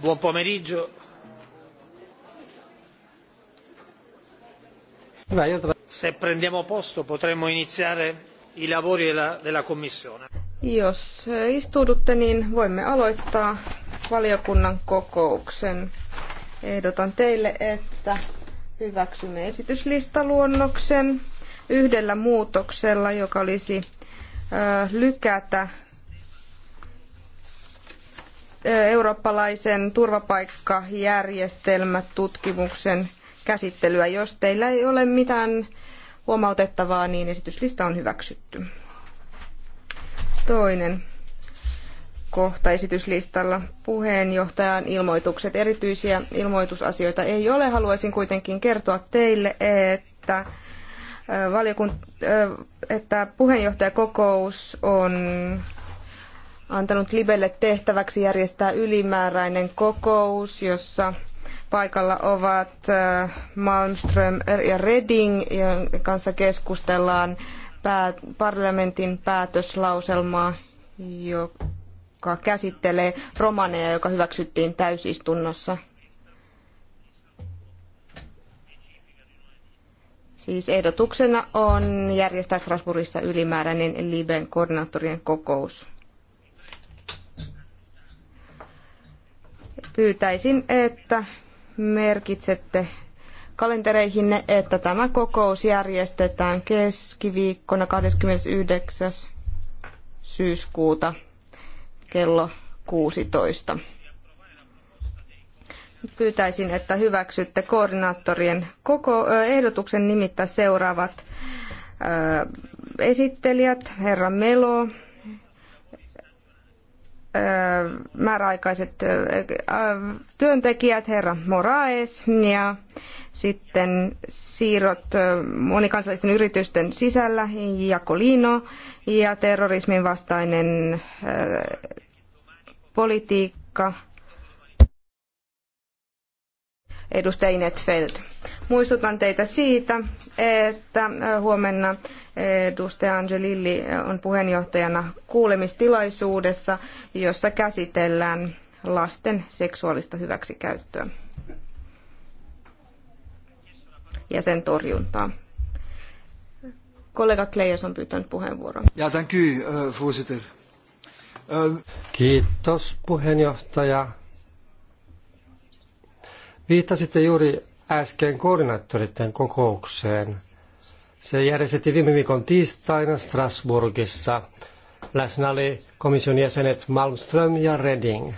Buon pomeriggio. Se prendiamo posto potremmo iniziare i lavori della, della Commissione. Jos istuudutte, niin voimme aloittaa valiokunnan kokouksen. Ehdotan teille, että hyväksymme esityslistaluonnoksen yhdellä muutoksella, joka olisi lykätä eurooppalaisen turvapaikkajärjestelmätutkimuksen käsittelyä. Jos teillä ei ole mitään huomautettavaa, niin esityslista on hyväksytty. Toinen kohta esityslistalla puheenjohtajan ilmoitukset. Erityisiä ilmoitusasioita ei ole. Haluaisin kuitenkin kertoa teille, että äh, valiokunt- äh, että puheenjohtajakokous on antanut Libelle tehtäväksi järjestää ylimääräinen kokous, jossa paikalla ovat äh, Malmström ja Reding, joiden kanssa keskustellaan parlamentin päätöslauselmaa, joka käsittelee romaneja, joka hyväksyttiin täysistunnossa. Siis ehdotuksena on järjestää Strasbourgissa ylimääräinen Liben koordinaattorien kokous. Pyytäisin, että merkitsette kalentereihinne, että tämä kokous järjestetään keskiviikkona 29. syyskuuta kello 16. Pyytäisin, että hyväksytte koordinaattorien koko, ehdotuksen nimittää seuraavat esittelijät, herra Melo, määräaikaiset työntekijät, herra Moraes, ja sitten siirrot monikansallisten yritysten sisällä, Jakolino, ja terrorismin vastainen politiikka, edustaja Inetfeld. Muistutan teitä siitä, että äh, huomenna äh, edustaja Angelilli äh, on puheenjohtajana kuulemistilaisuudessa, jossa käsitellään lasten seksuaalista hyväksikäyttöä ja sen torjuntaa. Kollega Kleijas on pyytänyt puheenvuoron. Ja, thank you, Kiitos puheenjohtaja. Viittasitte juuri äsken koordinaattoreiden kokoukseen. Se järjestettiin viime viikon tiistaina Strasbourgissa. Läsnä oli komission jäsenet Malmström ja Reding.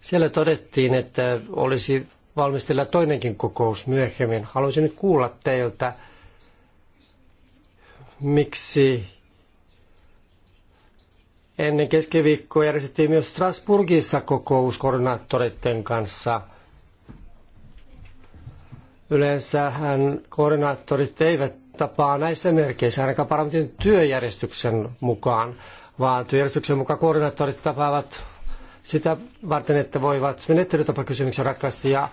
Siellä todettiin, että olisi valmistella toinenkin kokous myöhemmin. Haluaisin nyt kuulla teiltä, miksi Ennen keskiviikkoa järjestettiin myös Strasburgissa kokous koordinaattoreiden kanssa. Yleensähän koordinaattorit eivät tapaa näissä merkeissä, ainakaan parlamentin työjärjestyksen mukaan, vaan työjärjestyksen mukaan koordinaattorit tapaavat sitä varten, että voivat menettelytapakysymyksen ratkaista ja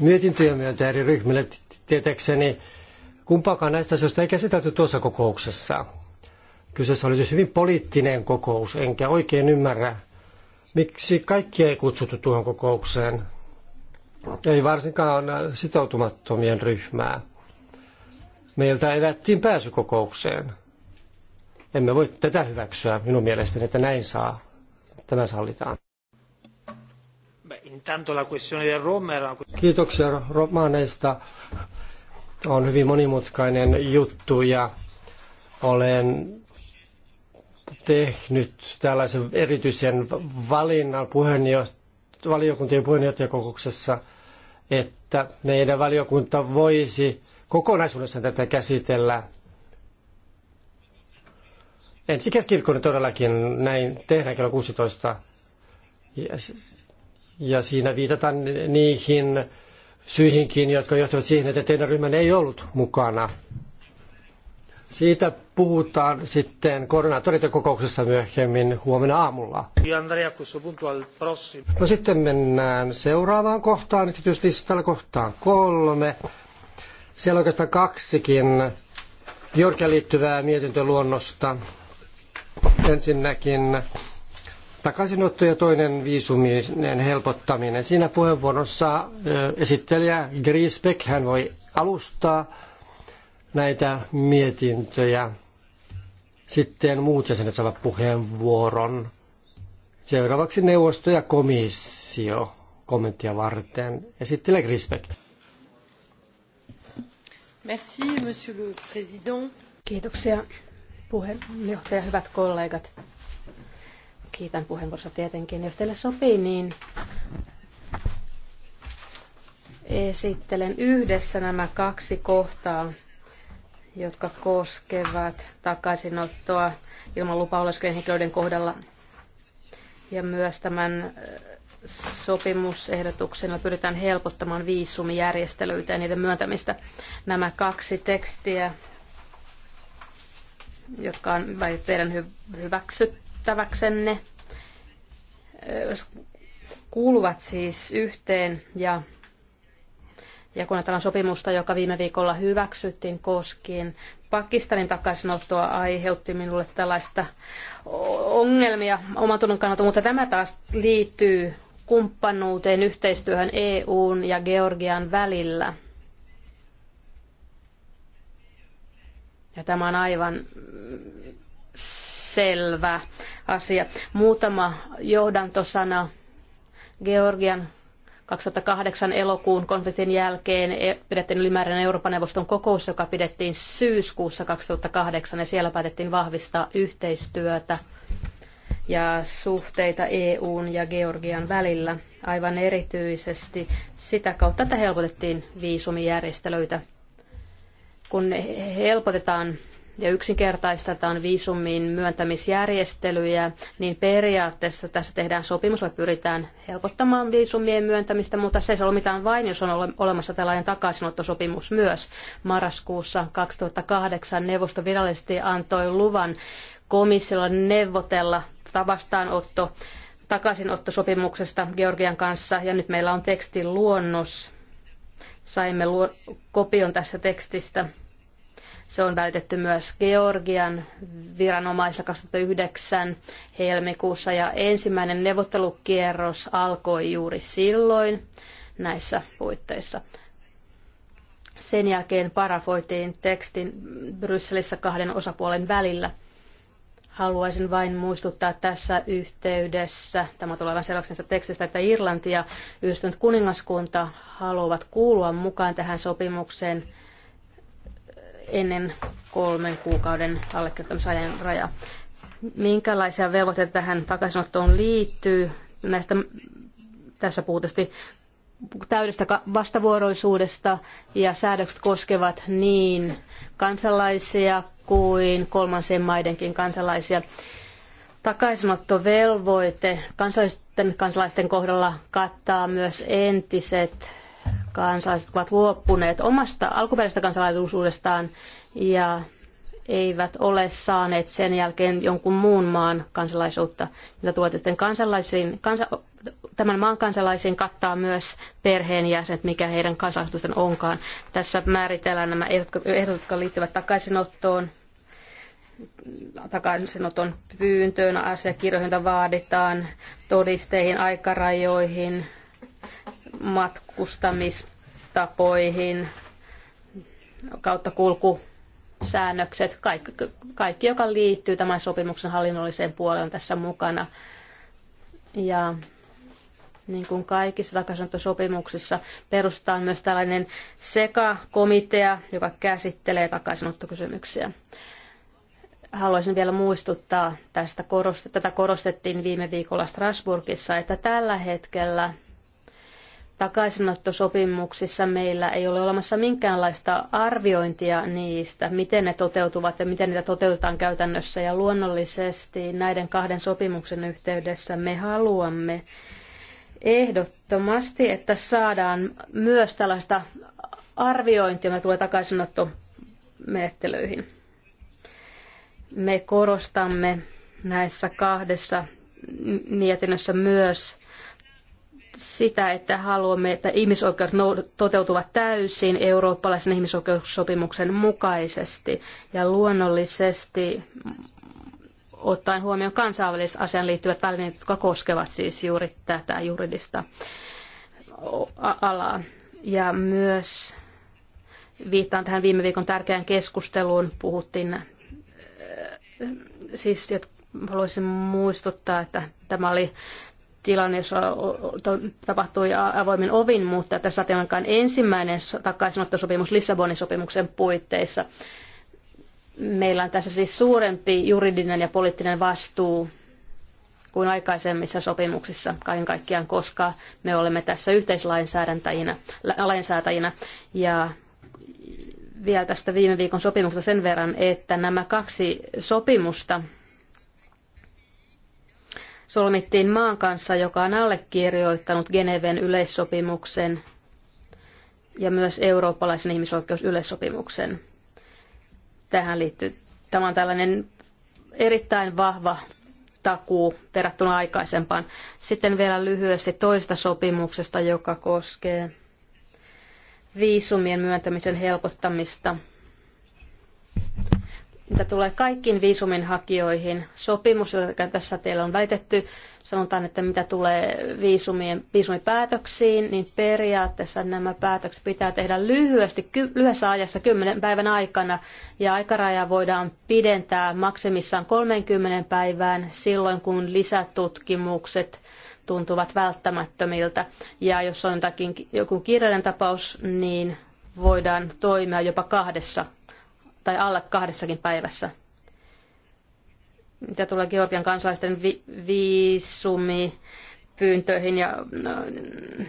mietintöjä myöntää eri ryhmille tietäkseni. Kumpaakaan näistä asioista ei käsitelty tuossa kokouksessa. Kyseessä oli siis hyvin poliittinen kokous, enkä oikein ymmärrä, miksi kaikki ei kutsuttu tuohon kokoukseen. Ei varsinkaan sitoutumattomien ryhmää. Meiltä evättiin pääsy kokoukseen. Emme voi tätä hyväksyä minun mielestäni, että näin saa. Tämä sallitaan. Kiitoksia romaaneista. On hyvin monimutkainen juttu ja olen tehnyt tällaisen erityisen valinnan puheenjoht- valiokuntien puheenjohtajakokouksessa, että meidän valiokunta voisi kokonaisuudessaan tätä käsitellä. Ensi keskiviikkona todellakin näin tehdään kello 16. Ja, ja siinä viitataan niihin syihinkin, jotka johtavat siihen, että teidän ryhmänne ei ollut mukana siitä puhutaan sitten koordinaattoreiden kokouksessa myöhemmin huomenna aamulla. No sitten mennään seuraavaan kohtaan, esityslistalla kohtaan kolme. Siellä on oikeastaan kaksikin Georgian liittyvää mietintöluonnosta. Ensinnäkin takaisinotto ja toinen viisuminen helpottaminen. Siinä puheenvuorossa esittelijä Grisbeck, hän voi alustaa näitä mietintöjä. Sitten muut jäsenet saavat puheenvuoron. Seuraavaksi neuvosto ja komissio kommenttia varten. Esittelee Grisbeck. Merci, monsieur le président. Kiitoksia puheenjohtaja, hyvät kollegat. Kiitän puheenvuorossa tietenkin. Jos teille sopii, niin esittelen yhdessä nämä kaksi kohtaa, jotka koskevat takaisinottoa ilman lupaa oleskelevien henkilöiden kohdalla. Ja myös tämän sopimusehdotuksella pyritään helpottamaan viisumijärjestelyitä ja niiden myöntämistä. Nämä kaksi tekstiä, jotka on teidän hyväksyttäväksenne, kuuluvat siis yhteen ja ja kun ajatellaan sopimusta, joka viime viikolla hyväksyttiin koskien Pakistanin takaisinottoa, aiheutti minulle tällaista ongelmia omatunnon kannalta, mutta tämä taas liittyy kumppanuuteen, yhteistyöhön EUn ja Georgian välillä. Ja tämä on aivan selvä asia. Muutama johdantosana Georgian 2008 elokuun konfliktin jälkeen e- pidettiin ylimääräinen Euroopan neuvoston kokous, joka pidettiin syyskuussa 2008 ja siellä päätettiin vahvistaa yhteistyötä ja suhteita EUn ja Georgian välillä aivan erityisesti. Sitä kautta että helpotettiin viisumijärjestelyitä. Kun helpotetaan ja yksinkertaistetaan viisumin myöntämisjärjestelyjä, niin periaatteessa tässä tehdään sopimus, jolla pyritään helpottamaan viisumien myöntämistä, mutta se solmitaan vain, jos on olemassa tällainen takaisinottosopimus myös. Marraskuussa 2008 neuvosto virallisesti antoi luvan komissiolle neuvotella vastaanotto takaisinottosopimuksesta Georgian kanssa, ja nyt meillä on tekstin luonnos. Saimme luo, kopion tästä tekstistä se on välitetty myös Georgian viranomaisilla 2009 helmikuussa ja ensimmäinen neuvottelukierros alkoi juuri silloin näissä puitteissa. Sen jälkeen parafoitiin tekstin Brysselissä kahden osapuolen välillä. Haluaisin vain muistuttaa tässä yhteydessä, tämä tulee aivan selväksi tekstistä, että Irlanti ja yhdistynyt kuningaskunta haluavat kuulua mukaan tähän sopimukseen – ennen kolmen kuukauden allekirjoittamisajan raja. Minkälaisia velvoitteita tähän takaisinottoon liittyy? Näistä, tässä puhutusti täydestä vastavuoroisuudesta ja säädökset koskevat niin kansalaisia kuin kolmansien maidenkin kansalaisia. Takaisinottovelvoite kansalaisten, kansalaisten kohdalla kattaa myös entiset kansalaiset ovat luopuneet omasta alkuperäisestä kansalaisuudestaan ja eivät ole saaneet sen jälkeen jonkun muun maan kansalaisuutta. Mitä tuotte kansalaisiin, kansa, tämän maan kansalaisiin kattaa myös perheenjäsenet, mikä heidän kansalaisuutensa onkaan. Tässä määritellään nämä ehdot, jotka liittyvät takaisinottoon, takaisinoton pyyntöön, asiakirjoihin vaaditaan, todisteihin, aikarajoihin, matkustamistapoihin, kautta kulku kaikki, kaikki, joka liittyy tämän sopimuksen hallinnolliseen puoleen on tässä mukana. Ja niin kuin kaikissa takaisinottosopimuksissa perustetaan myös tällainen sekakomitea, joka käsittelee takaisinottokysymyksiä. Haluaisin vielä muistuttaa, tästä tätä korostettiin viime viikolla Strasbourgissa, että tällä hetkellä takaisinottosopimuksissa meillä ei ole olemassa minkäänlaista arviointia niistä, miten ne toteutuvat ja miten niitä toteutetaan käytännössä. Ja luonnollisesti näiden kahden sopimuksen yhteydessä me haluamme ehdottomasti, että saadaan myös tällaista arviointia, mitä tulee takaisinottomenettelyihin. Me korostamme näissä kahdessa mietinnössä myös sitä, että haluamme, että ihmisoikeudet toteutuvat täysin eurooppalaisen ihmisoikeussopimuksen mukaisesti ja luonnollisesti ottaen huomioon kansainväliset asiaan liittyvät välineet, jotka koskevat siis juuri tätä juridista alaa. Ja myös viittaan tähän viime viikon tärkeään keskusteluun, puhuttiin äh, siis, haluaisin muistuttaa, että tämä oli tilanne, jossa tapahtui avoimin ovin, mutta tässä saatiin ensimmäinen takaisinottosopimus Lissabonin sopimuksen puitteissa. Meillä on tässä siis suurempi juridinen ja poliittinen vastuu kuin aikaisemmissa sopimuksissa kaiken kaikkiaan, koska me olemme tässä yhteislainsäädäntäjinä, ja vielä tästä viime viikon sopimuksesta sen verran, että nämä kaksi sopimusta solmittiin maan kanssa, joka on allekirjoittanut Geneven yleissopimuksen ja myös eurooppalaisen ihmisoikeusyleissopimuksen. Tähän liittyy, tämä on tällainen erittäin vahva takuu verrattuna aikaisempaan. Sitten vielä lyhyesti toista sopimuksesta, joka koskee viisumien myöntämisen helpottamista – mitä tulee kaikkiin viisumin hakijoihin, sopimus, joka tässä teillä on väitetty, sanotaan, että mitä tulee viisumien, viisumipäätöksiin, niin periaatteessa nämä päätökset pitää tehdä lyhyesti, lyhyessä ajassa 10 päivän aikana, ja aikaraja voidaan pidentää maksimissaan 30 päivään silloin, kun lisätutkimukset tuntuvat välttämättömiltä. Ja jos on jotakin, joku kiireellinen tapaus, niin voidaan toimia jopa kahdessa tai alle kahdessakin päivässä. Mitä tulee Georgian kansalaisten vi- viisumi, pyyntöihin ja no,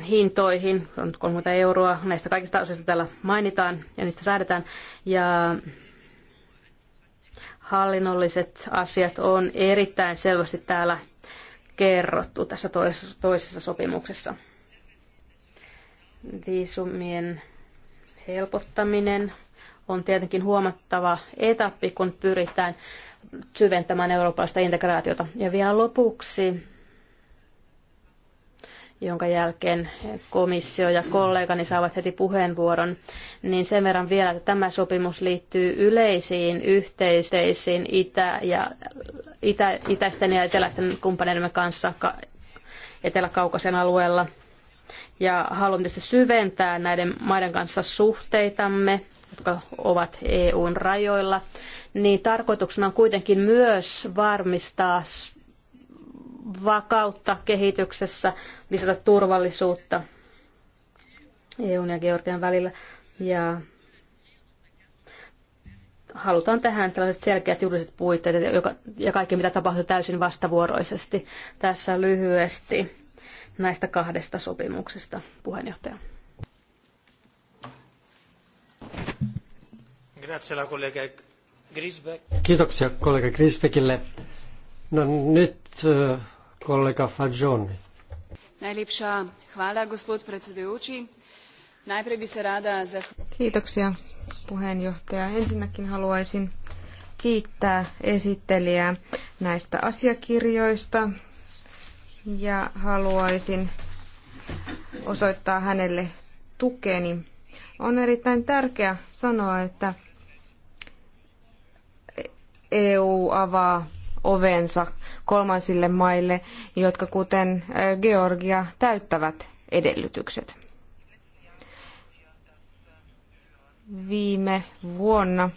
hintoihin, on 30 euroa, näistä kaikista osista täällä mainitaan ja niistä säädetään. Ja hallinnolliset asiat on erittäin selvästi täällä kerrottu tässä toisessa sopimuksessa. Viisumien helpottaminen, on tietenkin huomattava etappi, kun pyritään syventämään eurooppalaista integraatiota. Ja vielä lopuksi, jonka jälkeen komissio ja kollegani saavat heti puheenvuoron, niin sen verran vielä, että tämä sopimus liittyy yleisiin yhteisteisiin itä- ja itä, itäisten ja eteläisten kumppaneiden kanssa Etelä-Kaukasen alueella. Ja haluamme tietysti syventää näiden maiden kanssa suhteitamme jotka ovat EUn rajoilla, niin tarkoituksena on kuitenkin myös varmistaa vakautta kehityksessä, lisätä turvallisuutta EUn ja Georgian välillä. Ja halutaan tähän tällaiset selkeät juridiset puitteet ja kaikki mitä tapahtuu täysin vastavuoroisesti. Tässä lyhyesti näistä kahdesta sopimuksesta, puheenjohtaja. Kiitoksia kollega Grisbeckille. No nyt kollega Fagioni. Najlepša hvala, gospod predsedujući. Najprej bi se rada Kiitoksia puheenjohtaja. Ensinnäkin haluaisin kiittää esittelijää näistä asiakirjoista ja haluaisin osoittaa hänelle tukeni. On erittäin tärkeää sanoa, että EU avaa ovensa kolmansille maille, jotka kuten Georgia täyttävät edellytykset. Viime vuonna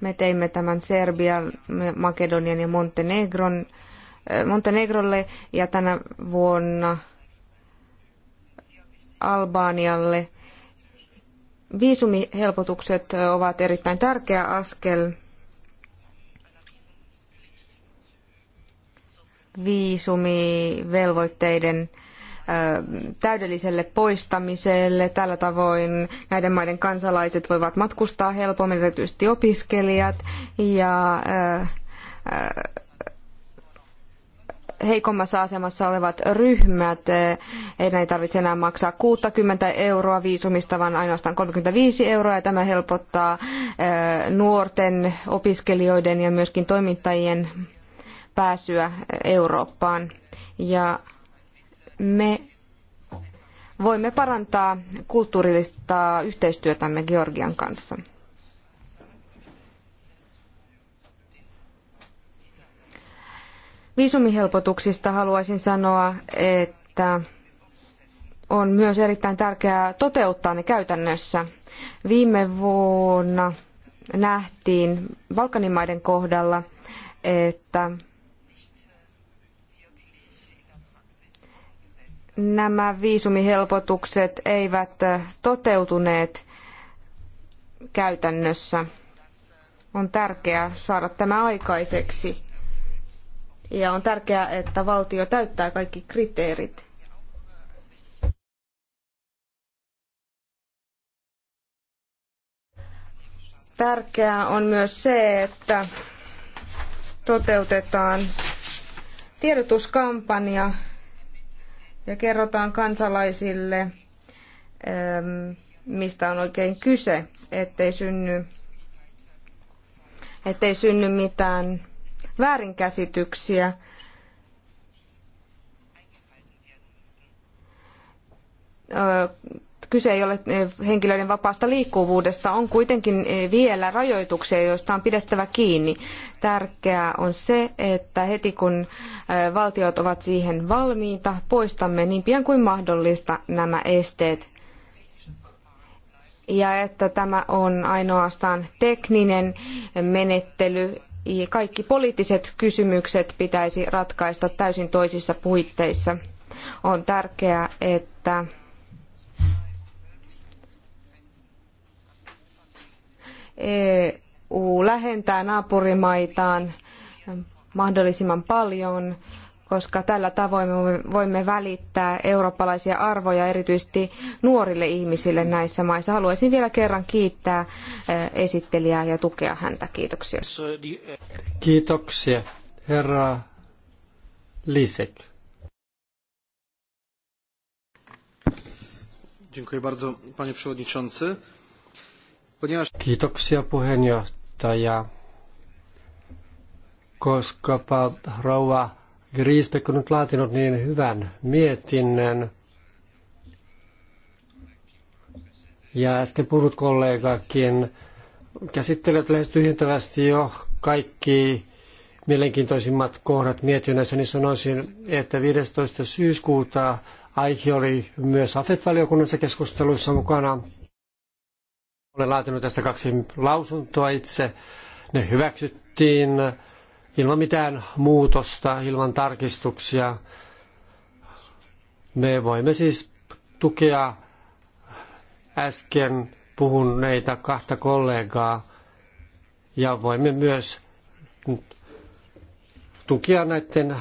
me teimme tämän Serbian, Makedonian ja Montenegron, Montenegrolle ja tänä vuonna Albanialle Viisumihelpotukset ovat erittäin tärkeä askel viisumivelvoitteiden täydelliselle poistamiselle. Tällä tavoin näiden maiden kansalaiset voivat matkustaa helpommin, erityisesti opiskelijat ja heikommassa asemassa olevat ryhmät, eh, ei tarvitse enää maksaa 60 euroa viisumista, vaan ainoastaan 35 euroa, ja tämä helpottaa eh, nuorten, opiskelijoiden ja myöskin toimittajien pääsyä eh, Eurooppaan. Ja me voimme parantaa kulttuurillista yhteistyötämme Georgian kanssa. Viisumihelpotuksista haluaisin sanoa, että on myös erittäin tärkeää toteuttaa ne käytännössä. Viime vuonna nähtiin Balkanimaiden kohdalla, että nämä viisumihelpotukset eivät toteutuneet käytännössä. On tärkeää saada tämä aikaiseksi ja on tärkeää, että valtio täyttää kaikki kriteerit. Tärkeää on myös se, että toteutetaan tiedotuskampanja ja kerrotaan kansalaisille, ähm, mistä on oikein kyse, ettei synny, ettei synny mitään väärinkäsityksiä. Kyse ei ole henkilöiden vapaasta liikkuvuudesta, on kuitenkin vielä rajoituksia, joista on pidettävä kiinni. Tärkeää on se, että heti kun valtiot ovat siihen valmiita, poistamme niin pian kuin mahdollista nämä esteet ja että tämä on ainoastaan tekninen menettely kaikki poliittiset kysymykset pitäisi ratkaista täysin toisissa puitteissa. On tärkeää, että EU lähentää naapurimaitaan mahdollisimman paljon koska tällä tavoin me voimme välittää eurooppalaisia arvoja erityisesti nuorille ihmisille näissä maissa. Haluaisin vielä kerran kiittää eh, esittelijää ja tukea häntä. Kiitoksia. Kiitoksia, herra Lisek. Kiitoksia puheenjohtaja. koska rouva Griesbeck on nyt laatinut niin hyvän mietinnön. Ja äsken puhunut kollegakin käsittelet lähes tyhjentävästi jo kaikki mielenkiintoisimmat kohdat mietinnössä, niin sanoisin, että 15. syyskuuta aihe oli myös AFET-valiokunnassa keskusteluissa mukana. Olen laatinut tästä kaksi lausuntoa itse. Ne hyväksyttiin ilman mitään muutosta, ilman tarkistuksia. Me voimme siis tukea äsken puhuneita kahta kollegaa ja voimme myös tukea näiden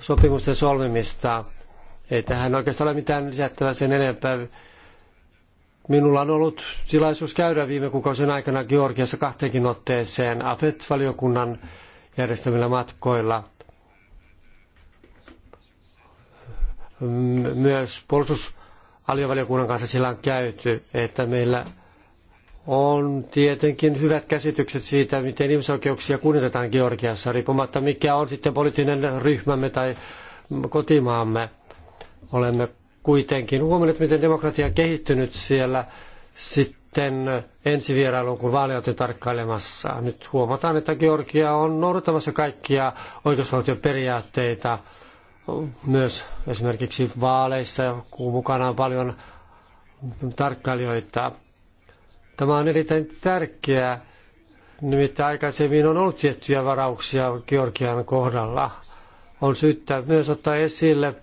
sopimusten solmimista. Ei tähän oikeastaan ole mitään lisättävää sen enempää. Minulla on ollut tilaisuus käydä viime kuukausien aikana Georgiassa kahteenkin otteeseen AFET-valiokunnan järjestämillä matkoilla. Myös puolustusaliovaliokunnan kanssa sillä on käyty, että meillä on tietenkin hyvät käsitykset siitä, miten ihmisoikeuksia kunnioitetaan Georgiassa, riippumatta mikä on sitten poliittinen ryhmämme tai kotimaamme. Olemme kuitenkin huomanneet, miten demokratia on kehittynyt siellä. Sitten sitten ensivierailun, kun vaaleja oltiin tarkkailemassa. Nyt huomataan, että Georgia on noudattamassa kaikkia oikeusvaltioperiaatteita myös esimerkiksi vaaleissa, kun mukana on paljon tarkkailijoita. Tämä on erittäin tärkeää, nimittäin aikaisemmin on ollut tiettyjä varauksia Georgian kohdalla. On syyttä myös ottaa esille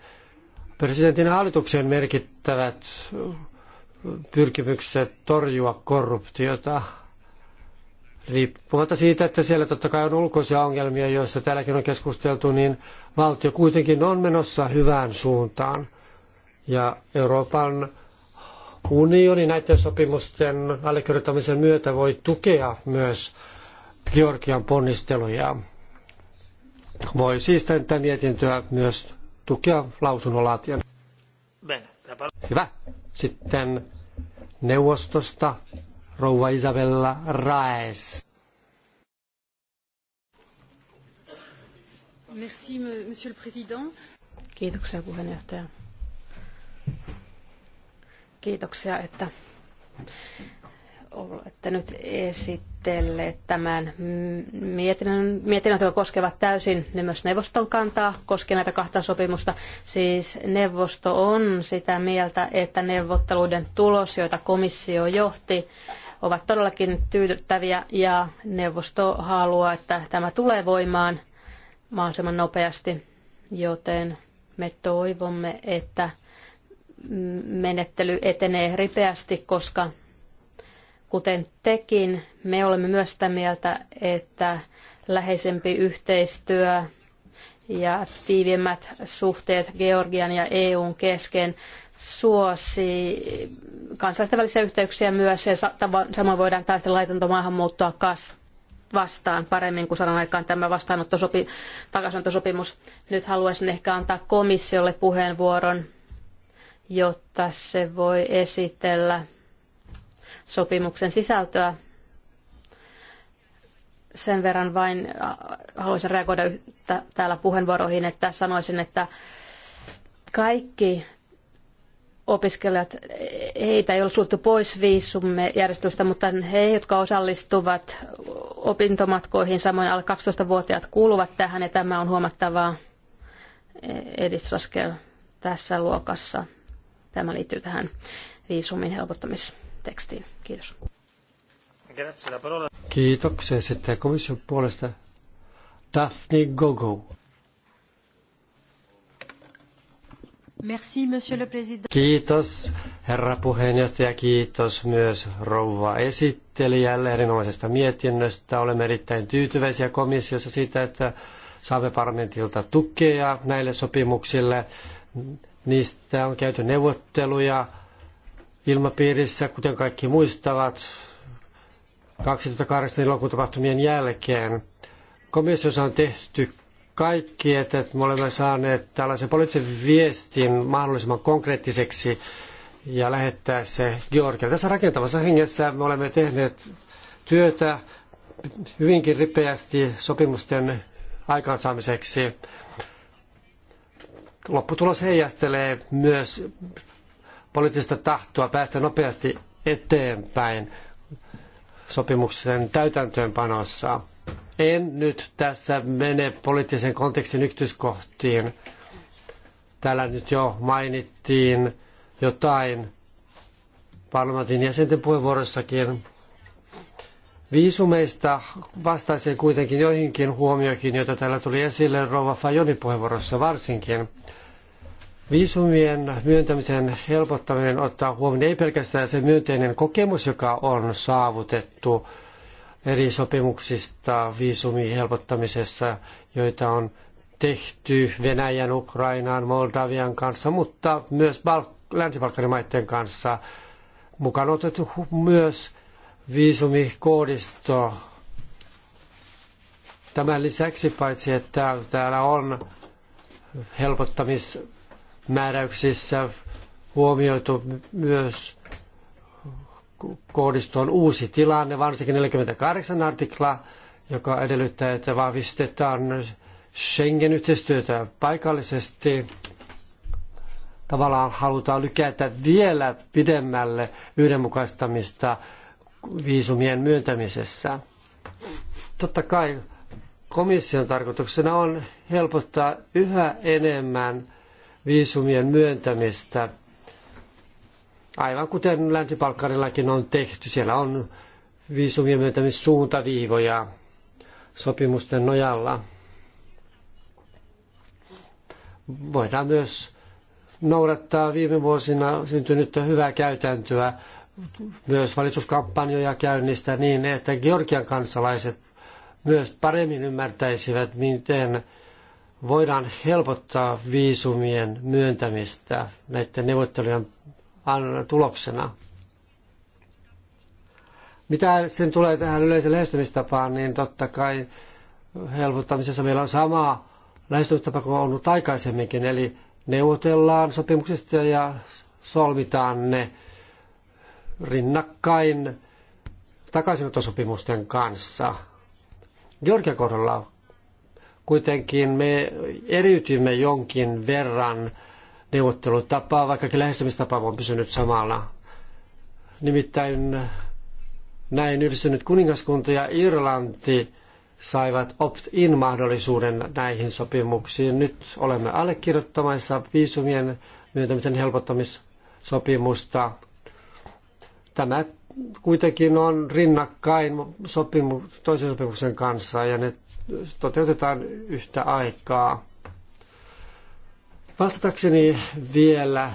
presidentin hallituksen merkittävät pyrkimykset torjua korruptiota. Riippumatta siitä, että siellä totta kai on ulkoisia ongelmia, joista täälläkin on keskusteltu, niin valtio kuitenkin on menossa hyvään suuntaan. Ja Euroopan unioni näiden sopimusten allekirjoittamisen myötä voi tukea myös Georgian ponnisteluja. Voi siis tätä mietintöä myös tukea lausunnolaatien. Hyvä. Sitten neuvostosta rouva Isabella Raes. Merci, monsieur le président. Kiitoksia puheenjohtaja. Kiitoksia, että olette nyt esitelleet tämän mietinnön, mietinnön jotka koskevat täysin ne myös neuvoston kantaa, koskien näitä kahta sopimusta. Siis neuvosto on sitä mieltä, että neuvotteluiden tulos, joita komissio johti, ovat todellakin tyydyttäviä ja neuvosto haluaa, että tämä tulee voimaan mahdollisimman nopeasti, joten me toivomme, että menettely etenee ripeästi, koska Kuten tekin, me olemme myös sitä mieltä, että läheisempi yhteistyö ja tiiviimmät suhteet Georgian ja EUn kesken suosi kansalaisten välisiä yhteyksiä myös ja samoin voidaan taistella laitonta maahanmuuttoa vastaan paremmin kuin saadaan aikaan tämä vastaanottosopi, takaisinottosopimus. Nyt haluaisin ehkä antaa komissiolle puheenvuoron, jotta se voi esitellä sopimuksen sisältöä. Sen verran vain haluaisin reagoida täällä puheenvuoroihin, että sanoisin, että kaikki opiskelijat, e-, heitä ei ole suuttu pois viisumme järjestystä, mutta he, jotka osallistuvat opintomatkoihin, samoin alle 12-vuotiaat kuuluvat tähän, ja tämä on huomattava e-, edistysaskel tässä luokassa. Tämä liittyy tähän viisumin helpottamiseen tekstiin. Kiitos. Kiitoksia. Sitten komission puolesta Daphne Gogo. Merci, monsieur le président. Kiitos herra puheenjohtaja, kiitos myös rouva esittelijälle erinomaisesta mietinnöstä. Olemme erittäin tyytyväisiä komissiossa siitä, että saamme parlamentilta tukea näille sopimuksille. Niistä on käyty neuvotteluja ilmapiirissä, kuten kaikki muistavat, 2008 elokuun tapahtumien jälkeen. Komissiossa on tehty kaikki, että me olemme saaneet tällaisen poliittisen viestin mahdollisimman konkreettiseksi ja lähettää se Georgialle. Tässä rakentavassa hengessä me olemme tehneet työtä hyvinkin ripeästi sopimusten aikaansaamiseksi. Lopputulos heijastelee myös poliittista tahtoa päästä nopeasti eteenpäin sopimuksen täytäntöönpanossa. En nyt tässä mene poliittisen kontekstin yksityiskohtiin. Täällä nyt jo mainittiin jotain parlamentin jäsenten puheenvuorossakin. Viisumeista vastaisin kuitenkin joihinkin huomioihin, joita täällä tuli esille Rova Fajonin puheenvuorossa varsinkin. Viisumien myöntämisen helpottaminen ottaa huomioon ei pelkästään se myönteinen kokemus, joka on saavutettu eri sopimuksista viisumien helpottamisessa, joita on tehty Venäjän, Ukrainan, Moldavian kanssa, mutta myös Balk- Länsi-Balkanin maiden kanssa. Mukaan otettu myös viisumikoodisto. Tämän lisäksi paitsi, että täällä on helpottamis määräyksissä huomioitu myös koodiston uusi tilanne, varsinkin 48 artikla, joka edellyttää, että vahvistetaan Schengen-yhteistyötä paikallisesti. Tavallaan halutaan lykätä vielä pidemmälle yhdenmukaistamista viisumien myöntämisessä. Totta kai komission tarkoituksena on helpottaa yhä enemmän viisumien myöntämistä, aivan kuten länsi on tehty. Siellä on viisumien myöntämissuuntaviivoja sopimusten nojalla. Voidaan myös noudattaa viime vuosina syntynyttä hyvää käytäntöä, myös valituskampanjoja käynnistä niin, että Georgian kansalaiset myös paremmin ymmärtäisivät, miten voidaan helpottaa viisumien myöntämistä näiden neuvottelujen tuloksena. Mitä sen tulee tähän yleiseen lähestymistapaan, niin totta kai helpottamisessa meillä on sama lähestymistapa kuin on ollut aikaisemminkin, eli neuvotellaan sopimuksista ja solmitaan ne rinnakkain takaisinottosopimusten kanssa. Georgian kohdalla Kuitenkin me eriytymme jonkin verran neuvottelutapaa, vaikkakin lähestymistapa on pysynyt samalla. Nimittäin näin yhdistynyt kuningaskunta ja Irlanti saivat opt-in mahdollisuuden näihin sopimuksiin. Nyt olemme allekirjoittamassa viisumien myöntämisen helpottamissopimusta. Tämä kuitenkin on rinnakkain sopimu- toisen sopimuksen kanssa ja ne toteutetaan yhtä aikaa. Vastatakseni vielä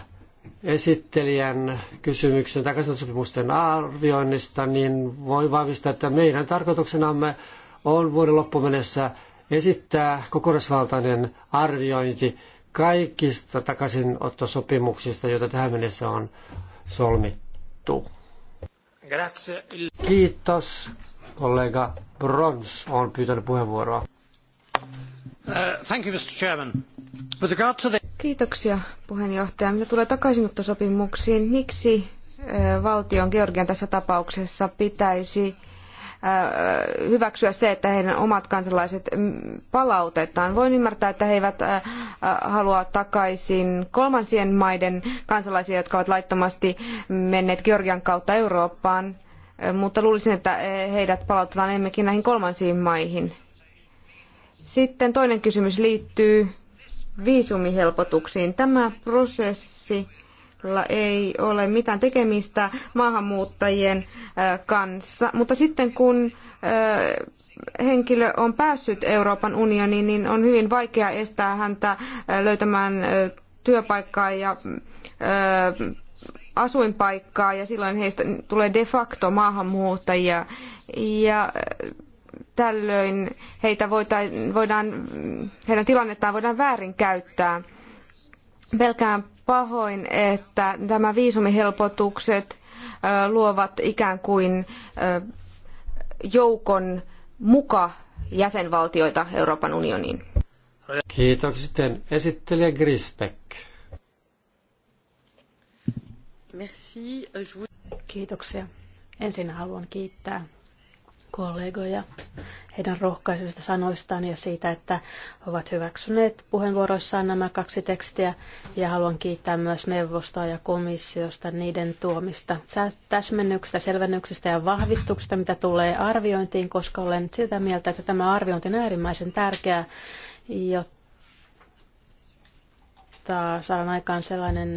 esittelijän kysymyksen takaisinottosopimusten arvioinnista, niin voi vahvistaa, että meidän tarkoituksenamme on vuoden loppuun mennessä esittää kokonaisvaltainen arviointi kaikista takaisinottosopimuksista, joita tähän mennessä on solmittu. Grazie. Kiitos. Kollega Brons on pyytänyt puheenvuoroa. Uh, thank you, Mr. Chairman. With regard to the... Kiitoksia puheenjohtaja. Mitä tulee takaisinottosopimuksiin, miksi uh, valtion Georgian tässä tapauksessa pitäisi uh, hyväksyä se, että heidän omat kansalaiset mm, palautetaan. Voin ymmärtää, että he eivät halua takaisin kolmansien maiden kansalaisia, jotka ovat laittomasti menneet Georgian kautta Eurooppaan mutta luulisin, että eh, heidät palautetaan emmekin näihin kolmansiin maihin. Sitten toinen kysymys liittyy viisumihelpotuksiin. Tämä prosessi ei ole mitään tekemistä maahanmuuttajien eh, kanssa, mutta sitten kun eh, henkilö on päässyt Euroopan unioniin, niin on hyvin vaikea estää häntä löytämään työpaikkaa ja asuinpaikkaa ja silloin heistä tulee de facto maahanmuuttajia. Ja äh, tällöin heitä voidaan, heidän tilannettaan voidaan väärinkäyttää. Pelkään pahoin, että tämä viisumihelpotukset äh, luovat ikään kuin äh, joukon muka jäsenvaltioita Euroopan unioniin. Kiitoksia. Sitten esittelijä Grisbeck. Merci. Euh, Kiitoksia. Ensin haluan kiittää kollegoja heidän rohkaisevista sanoistaan ja siitä, että ovat hyväksyneet puheenvuoroissaan nämä kaksi tekstiä. Ja haluan kiittää myös neuvostoa ja komissiosta niiden tuomista täsmennyksistä, selvennyksistä ja vahvistuksista, mitä tulee arviointiin, koska olen sitä mieltä, että tämä arviointi on äärimmäisen tärkeää, jotta saadaan aikaan sellainen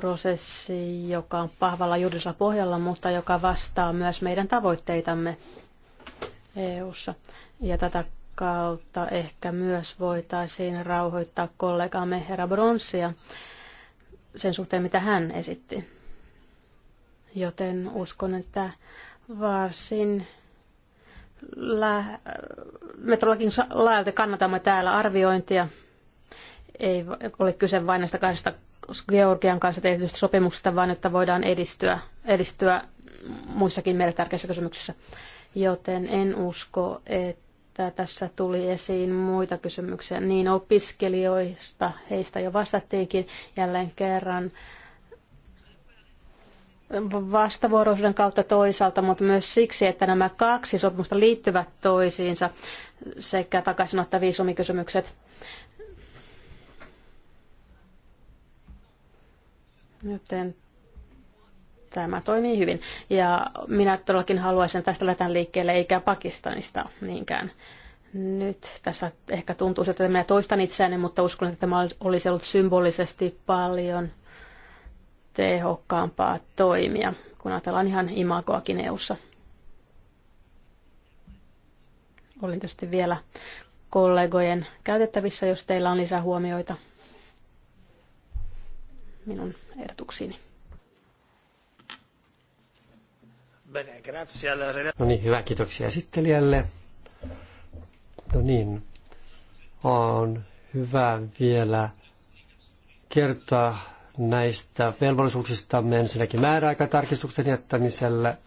prosessi, joka on pahvalla juridisella pohjalla, mutta joka vastaa myös meidän tavoitteitamme EU-ssa. Ja tätä kautta ehkä myös voitaisiin rauhoittaa kollegaamme herra Bronssia sen suhteen, mitä hän esitti. Joten uskon, että varsin lä- me todellakin laajalti kannatamme täällä arviointia. Ei ole kyse vain näistä kahdesta Georgian kanssa tehtyistä sopimuksista vaan että voidaan edistyä, edistyä muissakin meille tärkeissä kysymyksissä. Joten en usko, että tässä tuli esiin muita kysymyksiä. Niin opiskelijoista, heistä jo vastattiinkin jälleen kerran vastavuoroisuuden kautta toisaalta, mutta myös siksi, että nämä kaksi sopimusta liittyvät toisiinsa sekä takaisinottaviisumikysymykset. viisumikysymykset Joten tämä toimii hyvin. Ja minä todellakin haluaisin tästä lähteä liikkeelle, eikä Pakistanista niinkään. Nyt tässä ehkä tuntuu, että minä toistan itseäni, mutta uskon, että tämä olisi ollut symbolisesti paljon tehokkaampaa toimia, kun ajatellaan ihan imagoakin EUssa. Olin tietysti vielä kollegojen käytettävissä, jos teillä on lisähuomioita. huomioita minun ehdotuksiini. No niin, hyvä, kiitoksia esittelijälle. No niin, on hyvä vielä kertoa näistä velvollisuuksista ensinnäkin määräaikatarkistuksen jättämiselle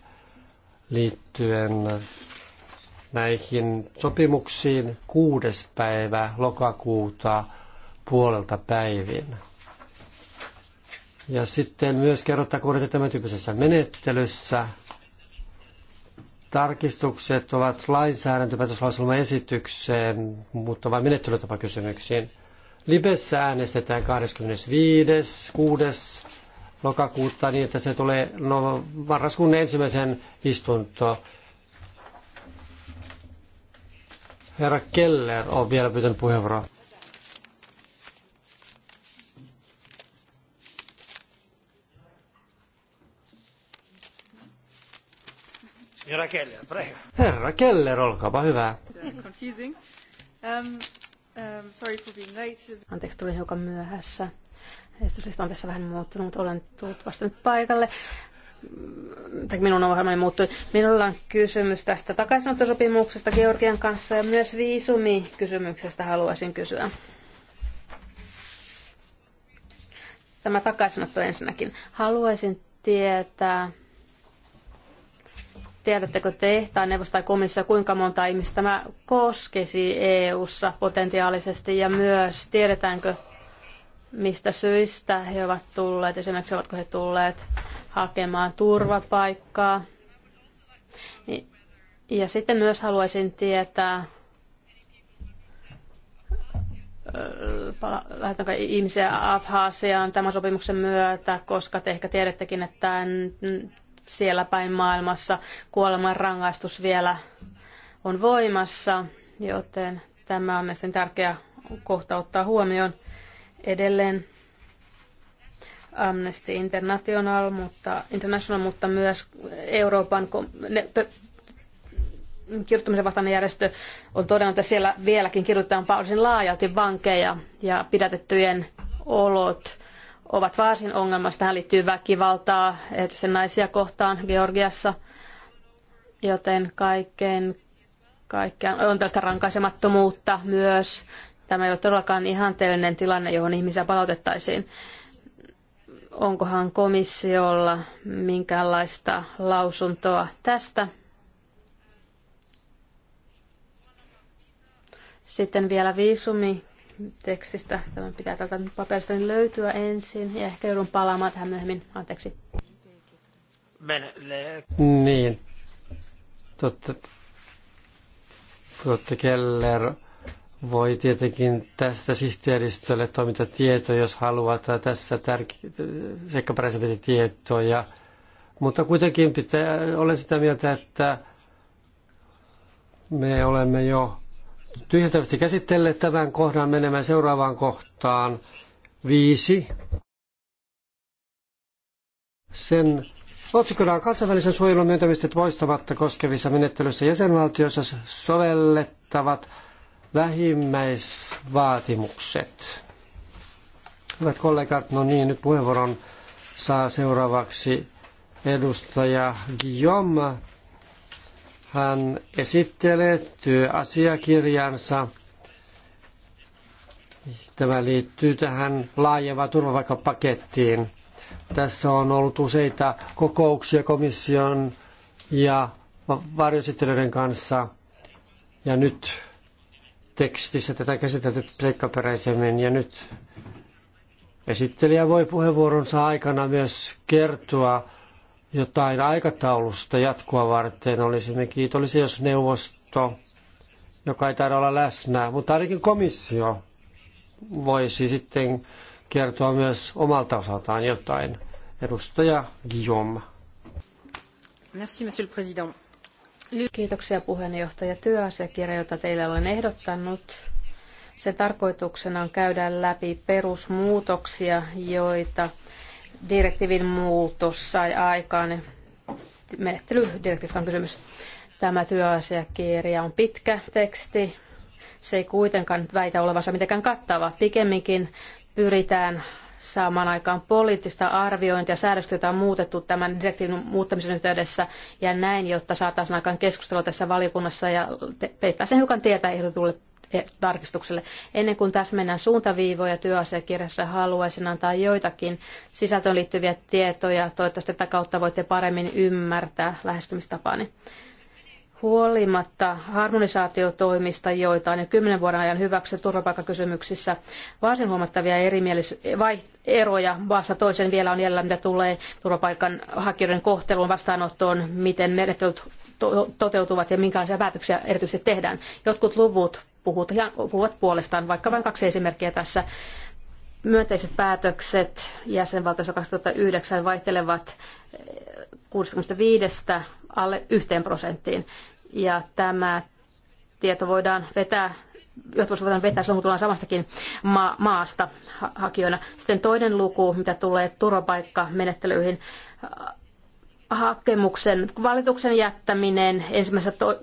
liittyen näihin sopimuksiin kuudes päivä lokakuuta puolelta päivin. Ja sitten myös kerrottakoon, että tämän tyyppisessä menettelyssä tarkistukset ovat lainsäädäntöpäätöslauselman esitykseen, mutta vain menettelytapakysymyksiin. Libessä äänestetään 25. 6. lokakuuta niin, että se tulee no, marraskuun ensimmäisen istunto. Herra Keller on vielä pyytänyt puheenvuoroa. Herra Keller, prego. Herra Keller, olkaapa hyvä. Confusing. Um, um, sorry for being late. Anteeksi, tulin hiukan myöhässä. Esityslista on tässä vähän muuttunut, mutta olen tullut vasta nyt paikalle. Mm, tai minun ohjelmani muuttui. Minulla on kysymys tästä takaisinottosopimuksesta Georgian kanssa ja myös viisumikysymyksestä haluaisin kysyä. Tämä takaisinotto ensinnäkin. Haluaisin tietää, Tiedättekö te tai neuvosto tai komissio, kuinka monta ihmistä tämä koskisi EU-ssa potentiaalisesti ja myös tiedetäänkö, mistä syistä he ovat tulleet, esimerkiksi ovatko he tulleet hakemaan turvapaikkaa. Ja sitten myös haluaisin tietää, lähetänkö ihmisiä Afhaasiaan tämän sopimuksen myötä, koska te ehkä tiedättekin, että siellä päin maailmassa kuoleman rangaistus vielä on voimassa, joten tämä on mielestäni tärkeä kohta ottaa huomioon edelleen Amnesty International, mutta, International, mutta myös Euroopan kirjoittamisen vastainen järjestö on todennut, että siellä vieläkin kirjoitetaan varsin laajalti vankeja ja pidätettyjen olot ovat varsin ongelmasta. Tähän liittyy väkivaltaa, erityisesti naisia kohtaan Georgiassa, joten kaikkein, kaikkein on tällaista rankaisemattomuutta myös. Tämä ei ole todellakaan ihanteellinen tilanne, johon ihmisiä palautettaisiin. Onkohan komissiolla minkäänlaista lausuntoa tästä? Sitten vielä viisumi tekstistä. Tämän pitää tältä paperista löytyä ensin ja ehkä joudun palaamaan tähän myöhemmin. Anteeksi. Niin. Totta, Totta Keller voi tietenkin tästä sihteeristölle toimita tieto, jos haluaa, tai tässä tärke- tietoja. Mutta kuitenkin pitää, olen sitä mieltä, että me olemme jo tyhjentävästi käsitelleet tämän kohdan menemään seuraavaan kohtaan viisi. Sen otsikkona on kansainvälisen suojelun myöntämistä poistamatta koskevissa menettelyissä jäsenvaltioissa sovellettavat vähimmäisvaatimukset. Hyvät kollegat, no niin, nyt puheenvuoron saa seuraavaksi edustaja Guillaume hän esittelee työasiakirjansa. Tämä liittyy tähän laajempaan turvapaikkapakettiin. Tässä on ollut useita kokouksia komission ja varjosittelijöiden kanssa. Ja nyt tekstissä tätä käsitelty seikkaperäisemmin. Ja nyt esittelijä voi puheenvuoronsa aikana myös kertoa jotain aikataulusta jatkoa varten. Olisimme kiitollisia, jos neuvosto, joka ei taida olla läsnä, mutta ainakin komissio voisi sitten kertoa myös omalta osaltaan jotain. Edustaja Guillaume. Merci, monsieur le président. Kiitoksia puheenjohtaja. Työasiakirja, jota teille olen ehdottanut, sen tarkoituksena on käydä läpi perusmuutoksia, joita direktiivin muutos sai aikaan. Menettelydirektiivistä on kysymys. Tämä työasiakirja on pitkä teksti. Se ei kuitenkaan väitä olevansa mitenkään kattava. Pikemminkin pyritään saamaan aikaan poliittista arviointia, säädöstä, jota on muutettu tämän direktiivin muuttamisen yhteydessä ja näin, jotta saataisiin aikaan keskustelua tässä valiokunnassa ja sen hiukan tietää ehdotulle E, tarkistukselle. Ennen kuin tässä mennään suuntaviivoja työasiakirjassa, haluaisin antaa joitakin sisältöön liittyviä tietoja. Toivottavasti tätä kautta voitte paremmin ymmärtää lähestymistapaani. Huolimatta harmonisaatiotoimista, joita on jo kymmenen vuoden ajan hyväksytty turvapaikkakysymyksissä, varsin huomattavia erimielis- vai eroja vasta toisen vielä on jäljellä, mitä tulee turvapaikan hakijoiden kohteluun, vastaanottoon, miten menettelyt toteutuvat ja minkälaisia päätöksiä erityisesti tehdään. Jotkut luvut puhut, puhuvat puolestaan, vaikka vain kaksi esimerkkiä tässä. Myönteiset päätökset jäsenvaltiossa 2009 vaihtelevat 65 eh, alle 1 prosenttiin. Ja tämä tieto voidaan vetää jotkut voidaan vetää silloin, kun tullaan samastakin ma- maasta ha- hakijoina. Sitten toinen luku, mitä tulee turvapaikkamenettelyihin, hakemuksen valituksen jättäminen ensimmäisessä to-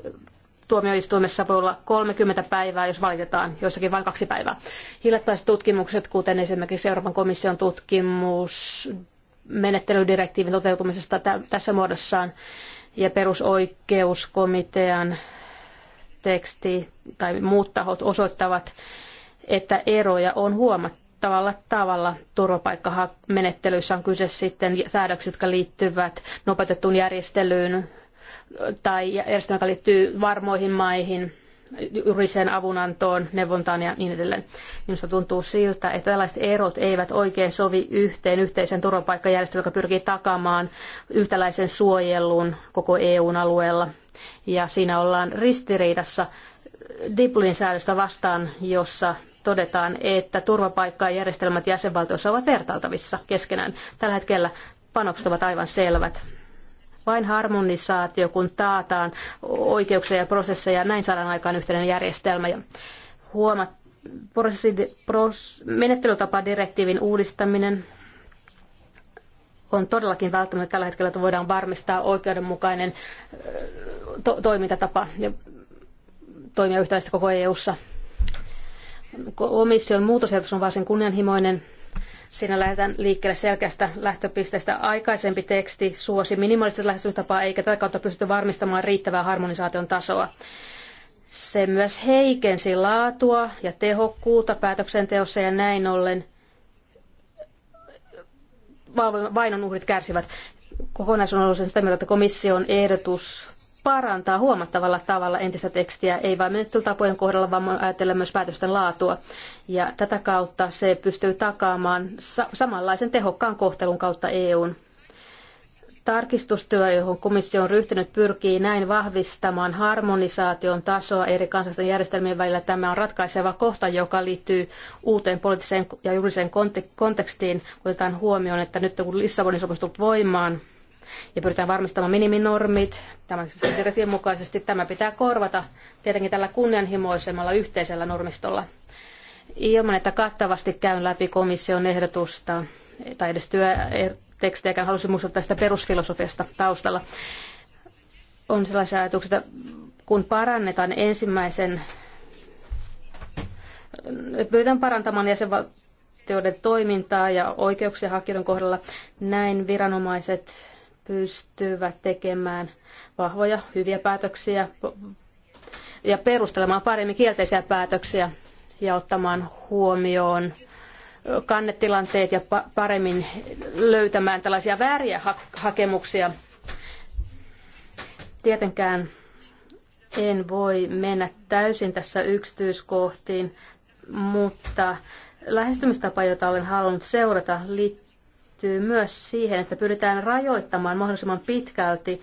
tuomioistuimessa voi olla 30 päivää, jos valitetaan, joissakin vain kaksi päivää. Hiljattaiset tutkimukset, kuten esimerkiksi Euroopan komission tutkimus menettelydirektiivin toteutumisesta tässä muodossaan ja perusoikeuskomitean teksti tai muut tahot osoittavat, että eroja on huomattavalla tavalla turvapaikkamenettelyissä on kyse sitten säädökset, jotka liittyvät nopeutettuun järjestelyyn, tai järjestelmä, joka liittyy varmoihin maihin, juridiseen avunantoon, neuvontaan ja niin edelleen. Minusta tuntuu siltä, että tällaiset erot eivät oikein sovi yhteen yhteisen turvapaikkajärjestelmän, joka pyrkii takaamaan yhtäläisen suojelun koko EUn alueella. Ja siinä ollaan ristiriidassa Dublin säädöstä vastaan, jossa todetaan, että turvapaikkajärjestelmät jäsenvaltioissa ovat vertailtavissa keskenään. Tällä hetkellä panokset ovat aivan selvät. Vain harmonisaatio, kun taataan oikeuksia ja prosesseja, näin saadaan aikaan yhteinen järjestelmä. Ja huomat, prosessi, pros, menettelytapadirektiivin uudistaminen on todellakin välttämätöntä tällä hetkellä, että voidaan varmistaa oikeudenmukainen to- toimintatapa ja toimia yhtäläisesti koko EU-ssa. Komission muutosehdotus on varsin kunnianhimoinen Siinä lähdetään liikkeelle selkeästä lähtöpisteestä. Aikaisempi teksti suosi minimaalista lähestymistapaa, eikä tätä kautta pystytty varmistamaan riittävää harmonisaation tasoa. Se myös heikensi laatua ja tehokkuutta päätöksenteossa ja näin ollen vainon uhrit kärsivät. Kokonaisuus on ollut sitä mieltä, että komission ehdotus parantaa huomattavalla tavalla entistä tekstiä, ei vain menettelytapojen kohdalla, vaan ajatellen myös päätösten laatua. Ja tätä kautta se pystyy takaamaan samanlaisen tehokkaan kohtelun kautta EUn. Tarkistustyö, johon komissio on ryhtynyt, pyrkii näin vahvistamaan harmonisaation tasoa eri kansallisten järjestelmien välillä. Tämä on ratkaiseva kohta, joka liittyy uuteen poliittiseen ja juridiseen kontekstiin. Otetaan huomioon, että nyt kun Lissabonin sopimus tullut voimaan, ja pyritään varmistamaan miniminormit tämän direktiivin mukaisesti. Tämä pitää korvata tietenkin tällä kunnianhimoisemmalla yhteisellä normistolla ilman, että kattavasti käyn läpi komission ehdotusta tai edes työtekstejäkään er- halusin muistuttaa tästä perusfilosofiasta taustalla. On sellaisia ajatuksia, että kun parannetaan ensimmäisen, pyritään parantamaan jäsenvaltioiden toimintaa ja oikeuksia hakijoiden kohdalla, näin viranomaiset pystyvät tekemään vahvoja, hyviä päätöksiä ja perustelemaan paremmin kielteisiä päätöksiä ja ottamaan huomioon kannetilanteet ja paremmin löytämään tällaisia vääriä hakemuksia. Tietenkään en voi mennä täysin tässä yksityiskohtiin, mutta lähestymistapa, jota olen halunnut seurata, liittyy liittyy myös siihen, että pyritään rajoittamaan mahdollisimman pitkälti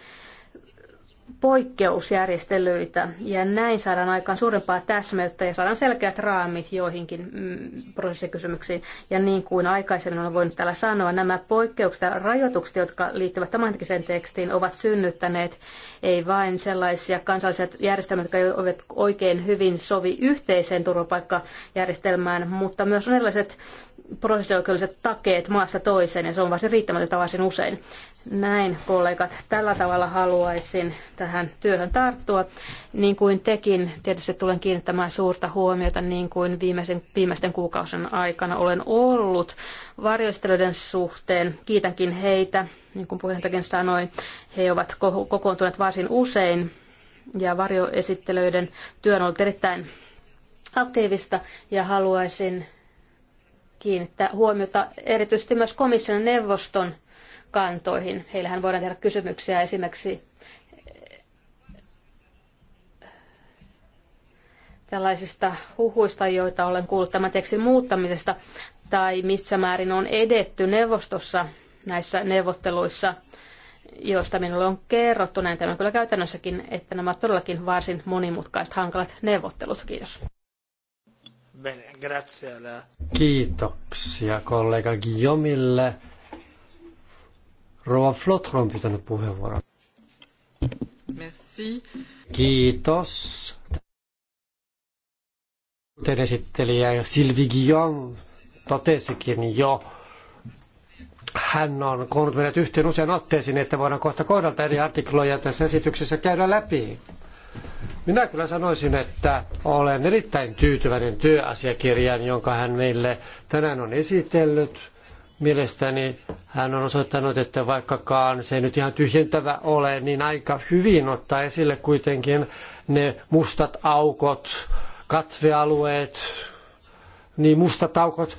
poikkeusjärjestelyitä ja näin saadaan aikaan suurempaa täsmeyttä ja saadaan selkeät raamit joihinkin mm, prosessikysymyksiin. Ja niin kuin aikaisemmin olen voinut täällä sanoa, nämä poikkeukset ja rajoitukset, jotka liittyvät tämänhetkiseen tekstiin, ovat synnyttäneet ei vain sellaisia kansallisia järjestelmiä, jotka eivät oikein hyvin sovi yhteiseen turvapaikkajärjestelmään, mutta myös erilaiset prosessioikeudelliset takeet maassa toiseen, ja se on varsin riittämätön tavallisen usein. Näin, kollegat, tällä tavalla haluaisin tähän työhön tarttua. Niin kuin tekin, tietysti tulen kiinnittämään suurta huomiota, niin kuin viimeisen, viimeisten kuukausien aikana olen ollut varjoistelijoiden suhteen. Kiitänkin heitä, niin kuin puheenjohtajakin sanoi, he ovat kokoontuneet varsin usein, ja varjoesittelyiden työ on ollut erittäin aktiivista, ja haluaisin kiinnittää huomiota erityisesti myös komission neuvoston kantoihin. Heillähän voidaan tehdä kysymyksiä esimerkiksi eh, tällaisista huhuista, joita olen kuullut tämän tekstin muuttamisesta, tai missä määrin on edetty neuvostossa näissä neuvotteluissa, joista minulle on kerrottu, näin tämä kyllä käytännössäkin, että nämä ovat todellakin varsin monimutkaiset, hankalat neuvottelut. Kiitos. Bene, grazie Kiitoksia kollega Guillaumeille. Rova Flotro on pitänyt puheenvuoron. Merci. Kiitos. Kuten esittelijä Silvi Guillaume totesikin jo, hän on koonnut meidät yhteen usean otteisiin, että voidaan kohta kohdalta eri artikloja tässä esityksessä käydä läpi. Minä kyllä sanoisin, että olen erittäin tyytyväinen työasiakirjaan, jonka hän meille tänään on esitellyt. Mielestäni hän on osoittanut, että vaikkakaan se ei nyt ihan tyhjentävä ole, niin aika hyvin ottaa esille kuitenkin ne mustat aukot, katvealueet, niin mustat aukot.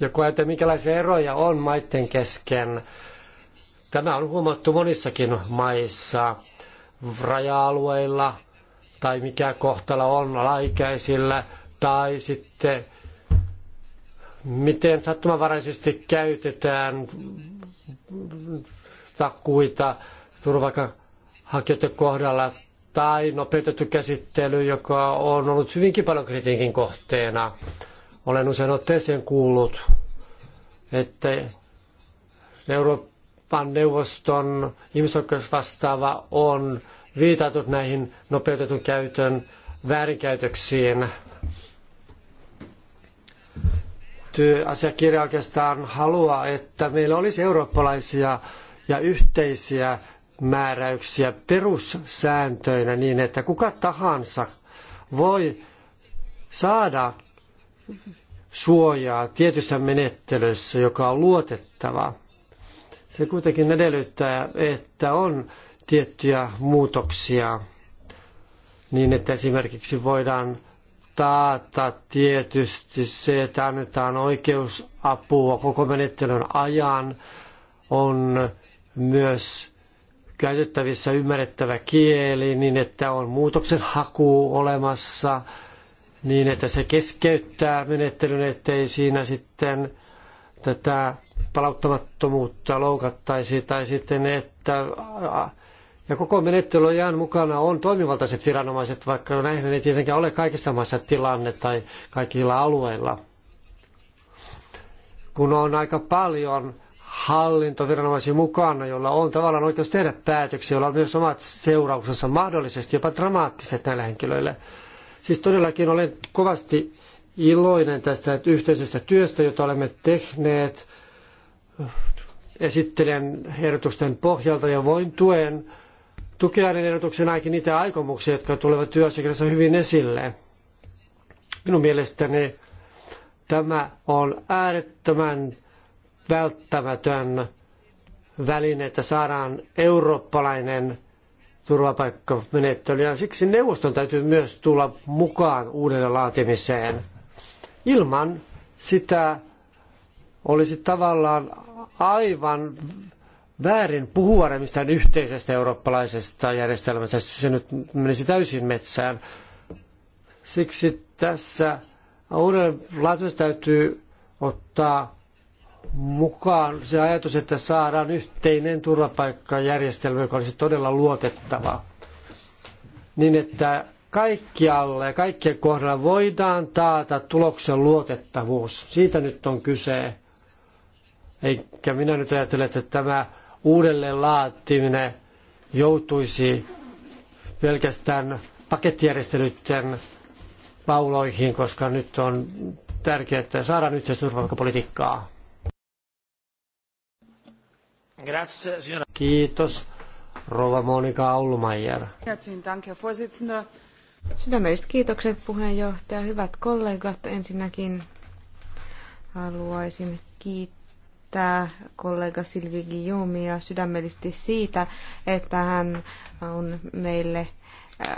Ja kun ajatellaan, minkälaisia eroja on maiden kesken, Tämä on huomattu monissakin maissa, raja-alueilla tai mikä kohtalo on alaikäisillä tai sitten miten sattumanvaraisesti käytetään takuita turvapaikanhakijoiden kohdalla tai nopeutettu käsittely, joka on ollut hyvinkin paljon kritiikin kohteena. Olen usein otteeseen kuullut, että Euroopan Euroopan neuvoston ihmisoikeusvastaava on viitatut näihin nopeutetun käytön väärinkäytöksiin. Työasiakirja oikeastaan haluaa, että meillä olisi eurooppalaisia ja yhteisiä määräyksiä perussääntöinä niin, että kuka tahansa voi saada suojaa tietyssä menettelyssä, joka on luotettava se kuitenkin edellyttää, että on tiettyjä muutoksia niin, että esimerkiksi voidaan taata tietysti se, että annetaan oikeusapua koko menettelyn ajan, on myös käytettävissä ymmärrettävä kieli, niin että on muutoksen haku olemassa, niin että se keskeyttää menettelyn, ettei siinä sitten tätä palauttamattomuutta loukattaisi tai sitten, että ja koko menettelyajan mukana on toimivaltaiset viranomaiset, vaikka näinhän ei tietenkään ole kaikissa maissa tilanne tai kaikilla alueilla. Kun on aika paljon hallintoviranomaisia mukana, jolla on tavallaan oikeus tehdä päätöksiä, joilla on myös omat seurauksensa, mahdollisesti jopa dramaattiset näille henkilöille. Siis todellakin olen kovasti iloinen tästä yhteisestä työstä, jota olemme tehneet esittelen ehdotusten pohjalta ja voin tuen tukea hänen ainakin niitä aikomuksia, jotka tulevat työasiakirjassa hyvin esille. Minun mielestäni tämä on äärettömän välttämätön väline, että saadaan eurooppalainen turvapaikkamenettely. Ja siksi neuvoston täytyy myös tulla mukaan uudelleen laatimiseen. Ilman sitä olisi tavallaan aivan väärin puhua mistään yhteisestä eurooppalaisesta järjestelmästä. Siis se nyt menisi täysin metsään. Siksi tässä uudenlaatuisesti täytyy ottaa mukaan se ajatus, että saadaan yhteinen turvapaikkajärjestelmä, joka olisi todella luotettava. Niin, että kaikkialle, kaikkien kohdalla voidaan taata tuloksen luotettavuus. Siitä nyt on kyse. Eikä minä nyt ajattele, että tämä uudelleen laattiminen joutuisi pelkästään pakettijärjestelyiden pauloihin, koska nyt on tärkeää, että saadaan yhteistä turvapaikkapolitiikkaa. Kiitos, Rova Monika Aulmaier. Sydämelliset kiitokset puheenjohtaja, hyvät kollegat. Ensinnäkin haluaisin kiittää kiittää kollega Silvi Guillaumea sydämellisesti siitä, että hän on meille äh,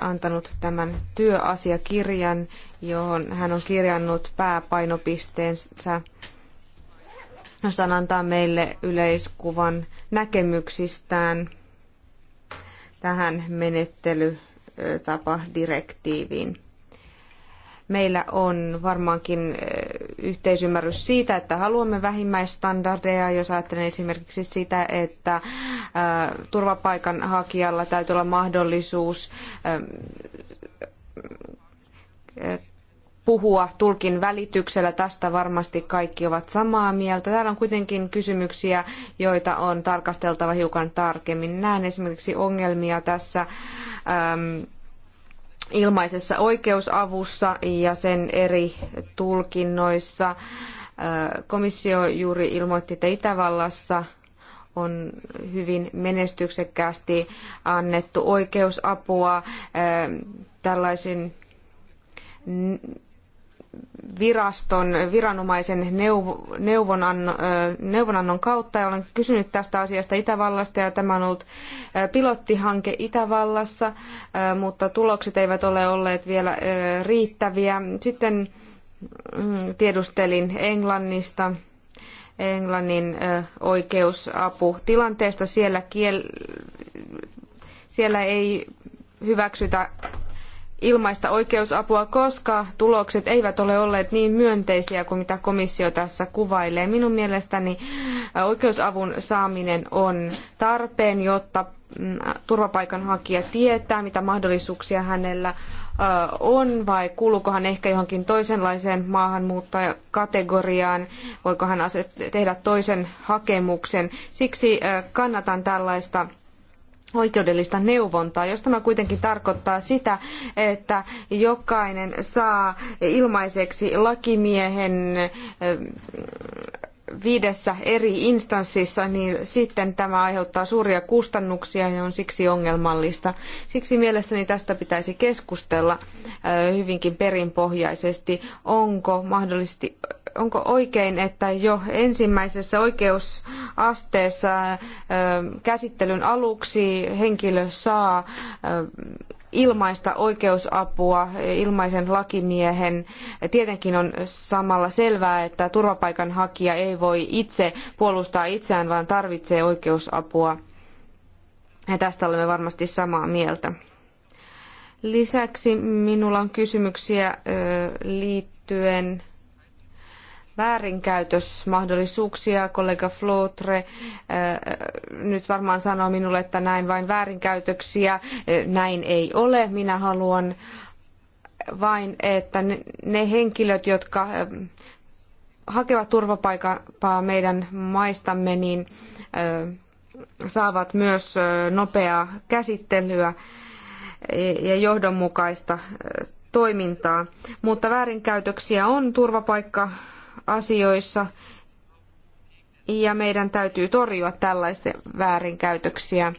antanut tämän työasiakirjan, johon hän on kirjannut pääpainopisteensä. Hän antaa meille yleiskuvan näkemyksistään tähän menettelytapadirektiiviin. Meillä on varmaankin eh, yhteisymmärrys siitä, että haluamme vähimmäisstandardeja, jos ajattelen esimerkiksi sitä, että eh, turvapaikanhakijalla täytyy olla mahdollisuus eh, puhua tulkin välityksellä. Tästä varmasti kaikki ovat samaa mieltä. Täällä on kuitenkin kysymyksiä, joita on tarkasteltava hiukan tarkemmin. Näen esimerkiksi ongelmia tässä. Ähm, ilmaisessa oikeusavussa ja sen eri tulkinnoissa. Komissio juuri ilmoitti, että Itävallassa on hyvin menestyksekkäästi annettu oikeusapua tällaisen viraston viranomaisen neuvonannon, neuvonannon kautta. Ja olen kysynyt tästä asiasta Itävallasta ja tämä on ollut pilottihanke Itävallassa, mutta tulokset eivät ole olleet vielä riittäviä. Sitten mm, tiedustelin Englannista. Englannin oikeusaputilanteesta. Siellä, kiel, siellä ei hyväksytä ilmaista oikeusapua, koska tulokset eivät ole olleet niin myönteisiä kuin mitä komissio tässä kuvailee. Minun mielestäni äh, oikeusavun saaminen on tarpeen, jotta mm, turvapaikanhakija tietää, mitä mahdollisuuksia hänellä äh, on vai hän ehkä johonkin toisenlaiseen maahanmuuttajakategoriaan, voiko hän tehdä toisen hakemuksen. Siksi äh, kannatan tällaista oikeudellista neuvontaa, jos tämä kuitenkin tarkoittaa sitä, että jokainen saa ilmaiseksi lakimiehen eh, viidessä eri instanssissa, niin sitten tämä aiheuttaa suuria kustannuksia ja on siksi ongelmallista. Siksi mielestäni tästä pitäisi keskustella eh, hyvinkin perinpohjaisesti, onko mahdollisesti onko oikein, että jo ensimmäisessä oikeusasteessa käsittelyn aluksi henkilö saa ilmaista oikeusapua, ilmaisen lakimiehen. Tietenkin on samalla selvää, että turvapaikanhakija ei voi itse puolustaa itseään, vaan tarvitsee oikeusapua. Ja tästä olemme varmasti samaa mieltä. Lisäksi minulla on kysymyksiä liittyen väärinkäytösmahdollisuuksia. Kollega Flotre äh, nyt varmaan sanoo minulle, että näin vain väärinkäytöksiä. Äh, näin ei ole. Minä haluan vain, että ne henkilöt, jotka äh, hakevat turvapaikkaa meidän maistamme, niin saavat myös nopeaa käsittelyä ja johdonmukaista toimintaa. Mutta väärinkäytöksiä on turvapaikka asioissa ja meidän täytyy torjua tällaisia väärinkäytöksiä.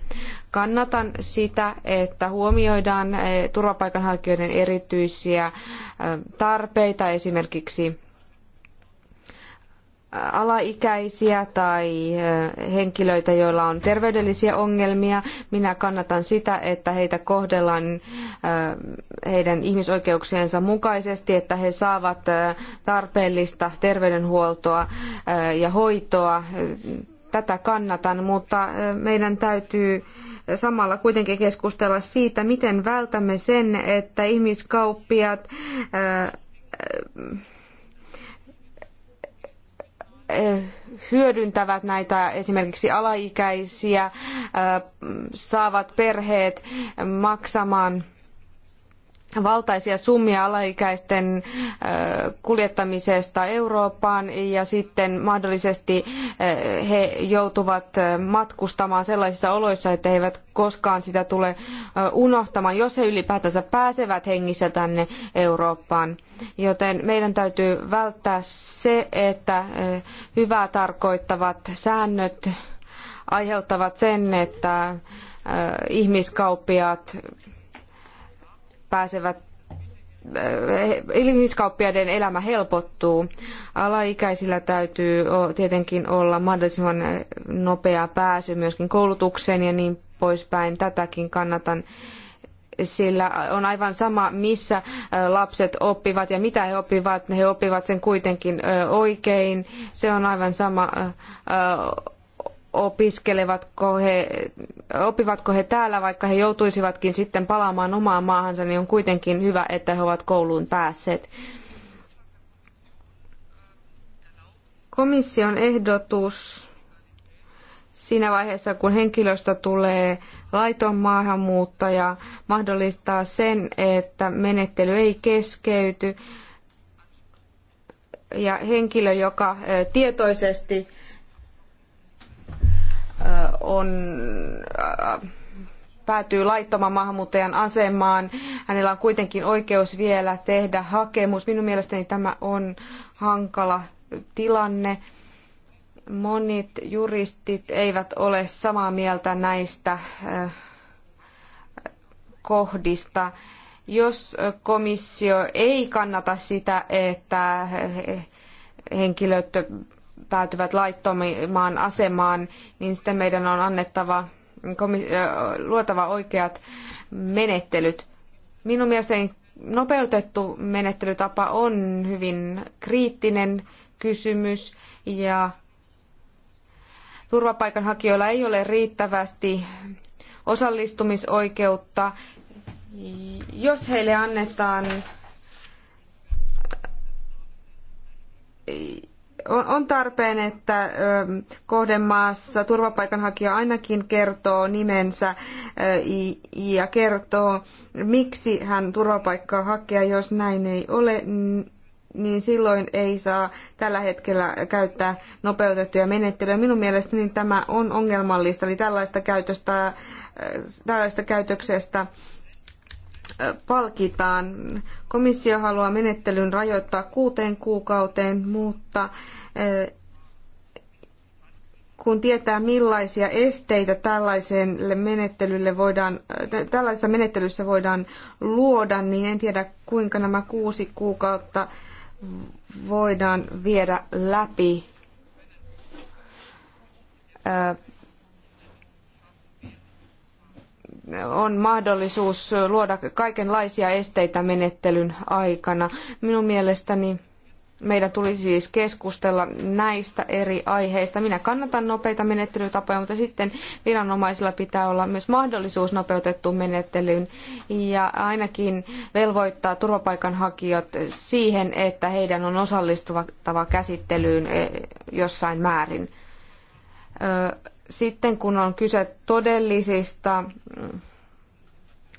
Kannatan sitä, että huomioidaan eh, turvapaikanhakijoiden erityisiä eh, tarpeita, esimerkiksi alaikäisiä tai henkilöitä, joilla on terveydellisiä ongelmia. Minä kannatan sitä, että heitä kohdellaan heidän ihmisoikeuksiensa mukaisesti, että he saavat tarpeellista terveydenhuoltoa ja hoitoa. Tätä kannatan, mutta meidän täytyy samalla kuitenkin keskustella siitä, miten vältämme sen, että ihmiskauppiat Eh, hyödyntävät näitä esimerkiksi alaikäisiä, eh, saavat perheet maksamaan valtaisia summia alaikäisten kuljettamisesta Eurooppaan ja sitten mahdollisesti he joutuvat matkustamaan sellaisissa oloissa, että he eivät koskaan sitä tule unohtamaan, jos he ylipäätänsä pääsevät hengissä tänne Eurooppaan. Joten meidän täytyy välttää se, että hyvää tarkoittavat säännöt aiheuttavat sen, että ihmiskauppiaat pääsevät eh, ihmiskauppiaiden elämä helpottuu. Alaikäisillä täytyy tietenkin olla mahdollisimman nopea pääsy myöskin koulutukseen ja niin poispäin. Tätäkin kannatan sillä on aivan sama, missä eh, lapset oppivat ja mitä he oppivat. He oppivat sen kuitenkin eh, oikein. Se on aivan sama, opiskelevatko he, oppivatko he täällä, vaikka he joutuisivatkin sitten palaamaan omaan maahansa, niin on kuitenkin hyvä, että he ovat kouluun päässeet. Komission ehdotus siinä vaiheessa, kun henkilöstä tulee laiton maahanmuuttaja, mahdollistaa sen, että menettely ei keskeyty. Ja henkilö, joka tietoisesti on, päätyy laittoman maahanmuuttajan asemaan. Hänellä on kuitenkin oikeus vielä tehdä hakemus. Minun mielestäni tämä on hankala tilanne. Monit juristit eivät ole samaa mieltä näistä kohdista. Jos komissio ei kannata sitä, että henkilöt päätyvät laittomaan asemaan, niin sitten meidän on annettava, luotava oikeat menettelyt. Minun mielestäni nopeutettu menettelytapa on hyvin kriittinen kysymys ja turvapaikanhakijoilla ei ole riittävästi osallistumisoikeutta. Jos heille annetaan on tarpeen, että ähm, kohdemaassa turvapaikanhakija ainakin kertoo nimensä äh, ja kertoo, miksi hän turvapaikkaa hakee. Jos näin ei ole, niin silloin ei saa tällä hetkellä käyttää nopeutettuja menettelyjä. Minun mielestäni tämä on ongelmallista, eli tällaista, käytöstä, äh, tällaista käytöksestä palkitaan. Komissio haluaa menettelyn rajoittaa kuuteen kuukauteen, mutta e, kun tietää millaisia esteitä tällaiselle menettelylle voidaan, tällaisessa menettelyssä voidaan luoda, niin en tiedä kuinka nämä kuusi kuukautta voidaan viedä läpi e, on mahdollisuus luoda kaikenlaisia esteitä menettelyn aikana. Minun mielestäni meidän tulisi siis keskustella näistä eri aiheista. Minä kannatan nopeita menettelytapoja, mutta sitten viranomaisilla pitää olla myös mahdollisuus nopeutettuun menettelyyn ja ainakin velvoittaa turvapaikanhakijat siihen, että heidän on osallistuttava käsittelyyn eh, jossain määrin sitten kun on kyse todellisista mm,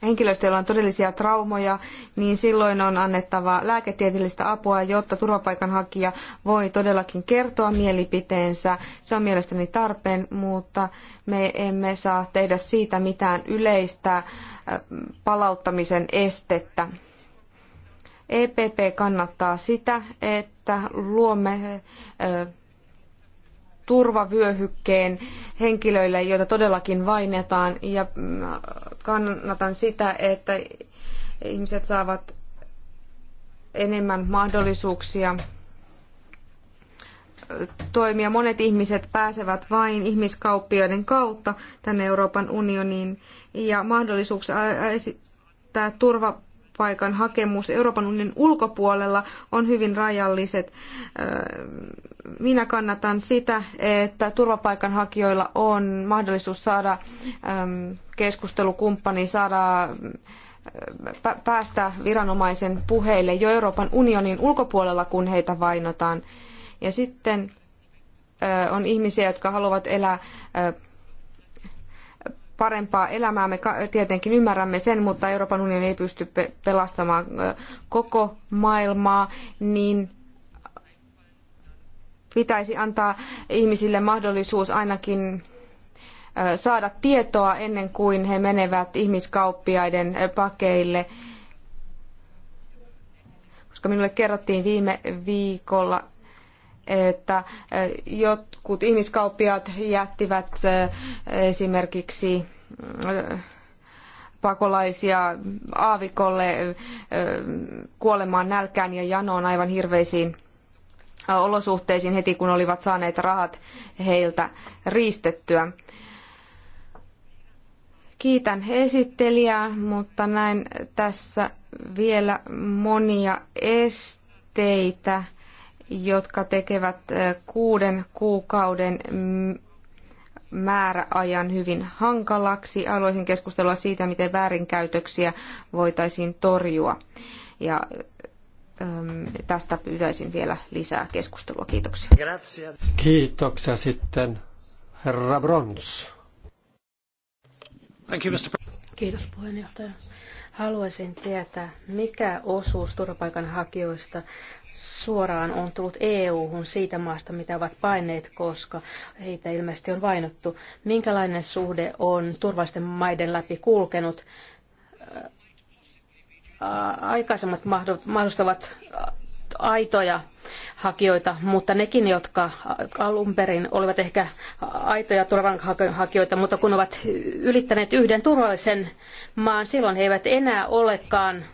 henkilöistä, joilla on todellisia traumoja, niin silloin on annettava lääketieteellistä apua, jotta turvapaikanhakija voi todellakin kertoa mielipiteensä. Se on mielestäni tarpeen, mutta me emme saa tehdä siitä mitään yleistä äh, palauttamisen estettä. EPP kannattaa sitä, että luomme äh, turvavyöhykkeen henkilöille, joita todellakin vainetaan. Ja mm, kannatan sitä, että ihmiset saavat enemmän mahdollisuuksia toimia. Monet ihmiset pääsevät vain ihmiskauppioiden kautta tänne Euroopan unioniin ja mahdollisuuksia esittää turva turvapaikan hakemus Euroopan unionin ulkopuolella on hyvin rajalliset. Minä kannatan sitä, että turvapaikanhakijoilla on mahdollisuus saada keskustelukumppani, saada päästä viranomaisen puheille jo Euroopan unionin ulkopuolella, kun heitä vainotaan. Ja sitten on ihmisiä, jotka haluavat elää parempaa elämää. Me tietenkin ymmärrämme sen, mutta Euroopan unioni ei pysty pelastamaan koko maailmaa, niin pitäisi antaa ihmisille mahdollisuus ainakin saada tietoa ennen kuin he menevät ihmiskauppiaiden pakeille koska minulle kerrottiin viime viikolla että eh, jotkut ihmiskauppiaat jättivät eh, esimerkiksi eh, pakolaisia aavikolle kuolemaan nälkään ja janoon aivan hirveisiin olosuhteisiin heti kun olivat saaneet rahat heiltä riistettyä. Kiitän esittelijää, mutta näin tässä vielä monia esteitä jotka tekevät kuuden kuukauden määräajan hyvin hankalaksi. Haluaisin keskustella siitä, miten väärinkäytöksiä voitaisiin torjua. Ja tästä pyytäisin vielä lisää keskustelua. Kiitoksia. Kiitoksia sitten herra Brons. Thank you, Mr. Kiitos puheenjohtaja. Haluaisin tietää, mikä osuus turvapaikanhakijoista suoraan on tullut EU-hun siitä maasta, mitä ovat paineet, koska heitä ilmeisesti on vainottu. Minkälainen suhde on turvallisten maiden läpi kulkenut? aikaisemmat mahdollistavat aitoja hakijoita, mutta nekin, jotka alun perin olivat ehkä aitoja turvapaikanhakijoita, mutta kun ovat ylittäneet yhden turvallisen maan, silloin he eivät enää olekaan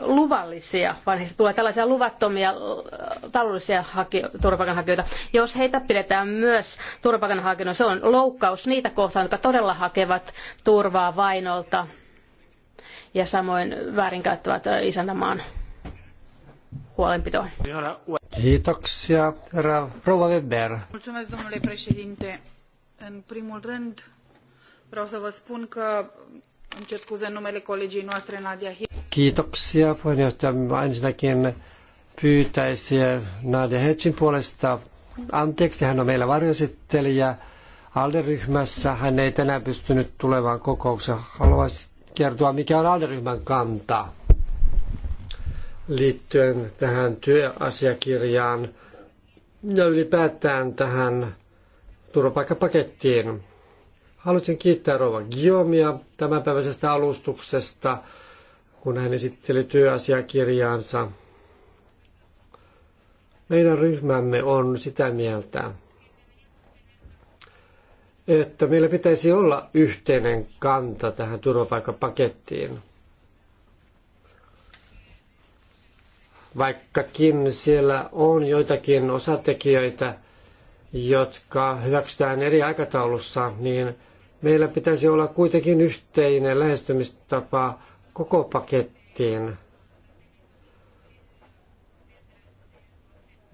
luvallisia, vaan heistä tulee tällaisia luvattomia äh, taloudellisia haki- turvapaikanhakijoita. Jos heitä pidetään myös turvapaikanhakijoina, se on loukkaus niitä kohtaan, jotka todella hakevat turvaa vainolta ja samoin väärinkäyttävät äh, isäntämaan huolenpitoon. Kiitoksia, herra Rova Weber. Mulțumesc, domnule președinte. În primul rând, vreau să vă spun că îmi cer scuze în numele colegii noastre, Nadia Hirsch. Kiitoksia, puheenjohtaja. Ensinnäkin pyytäisi Nadia Hetsin puolesta anteeksi. Hän on meillä varjoesittelijä ALDE-ryhmässä. Hän ei tänään pystynyt tulemaan kokoukseen. Haluaisin kertoa, mikä on ALDE-ryhmän kanta liittyen tähän työasiakirjaan ja ylipäätään tähän turvapaikkapakettiin. Haluaisin kiittää Rova Giomia tämänpäiväisestä alustuksesta, kun hän esitteli työasiakirjaansa. Meidän ryhmämme on sitä mieltä, että meillä pitäisi olla yhteinen kanta tähän turvapaikkapakettiin. vaikkakin siellä on joitakin osatekijöitä, jotka hyväksytään eri aikataulussa, niin meillä pitäisi olla kuitenkin yhteinen lähestymistapa koko pakettiin.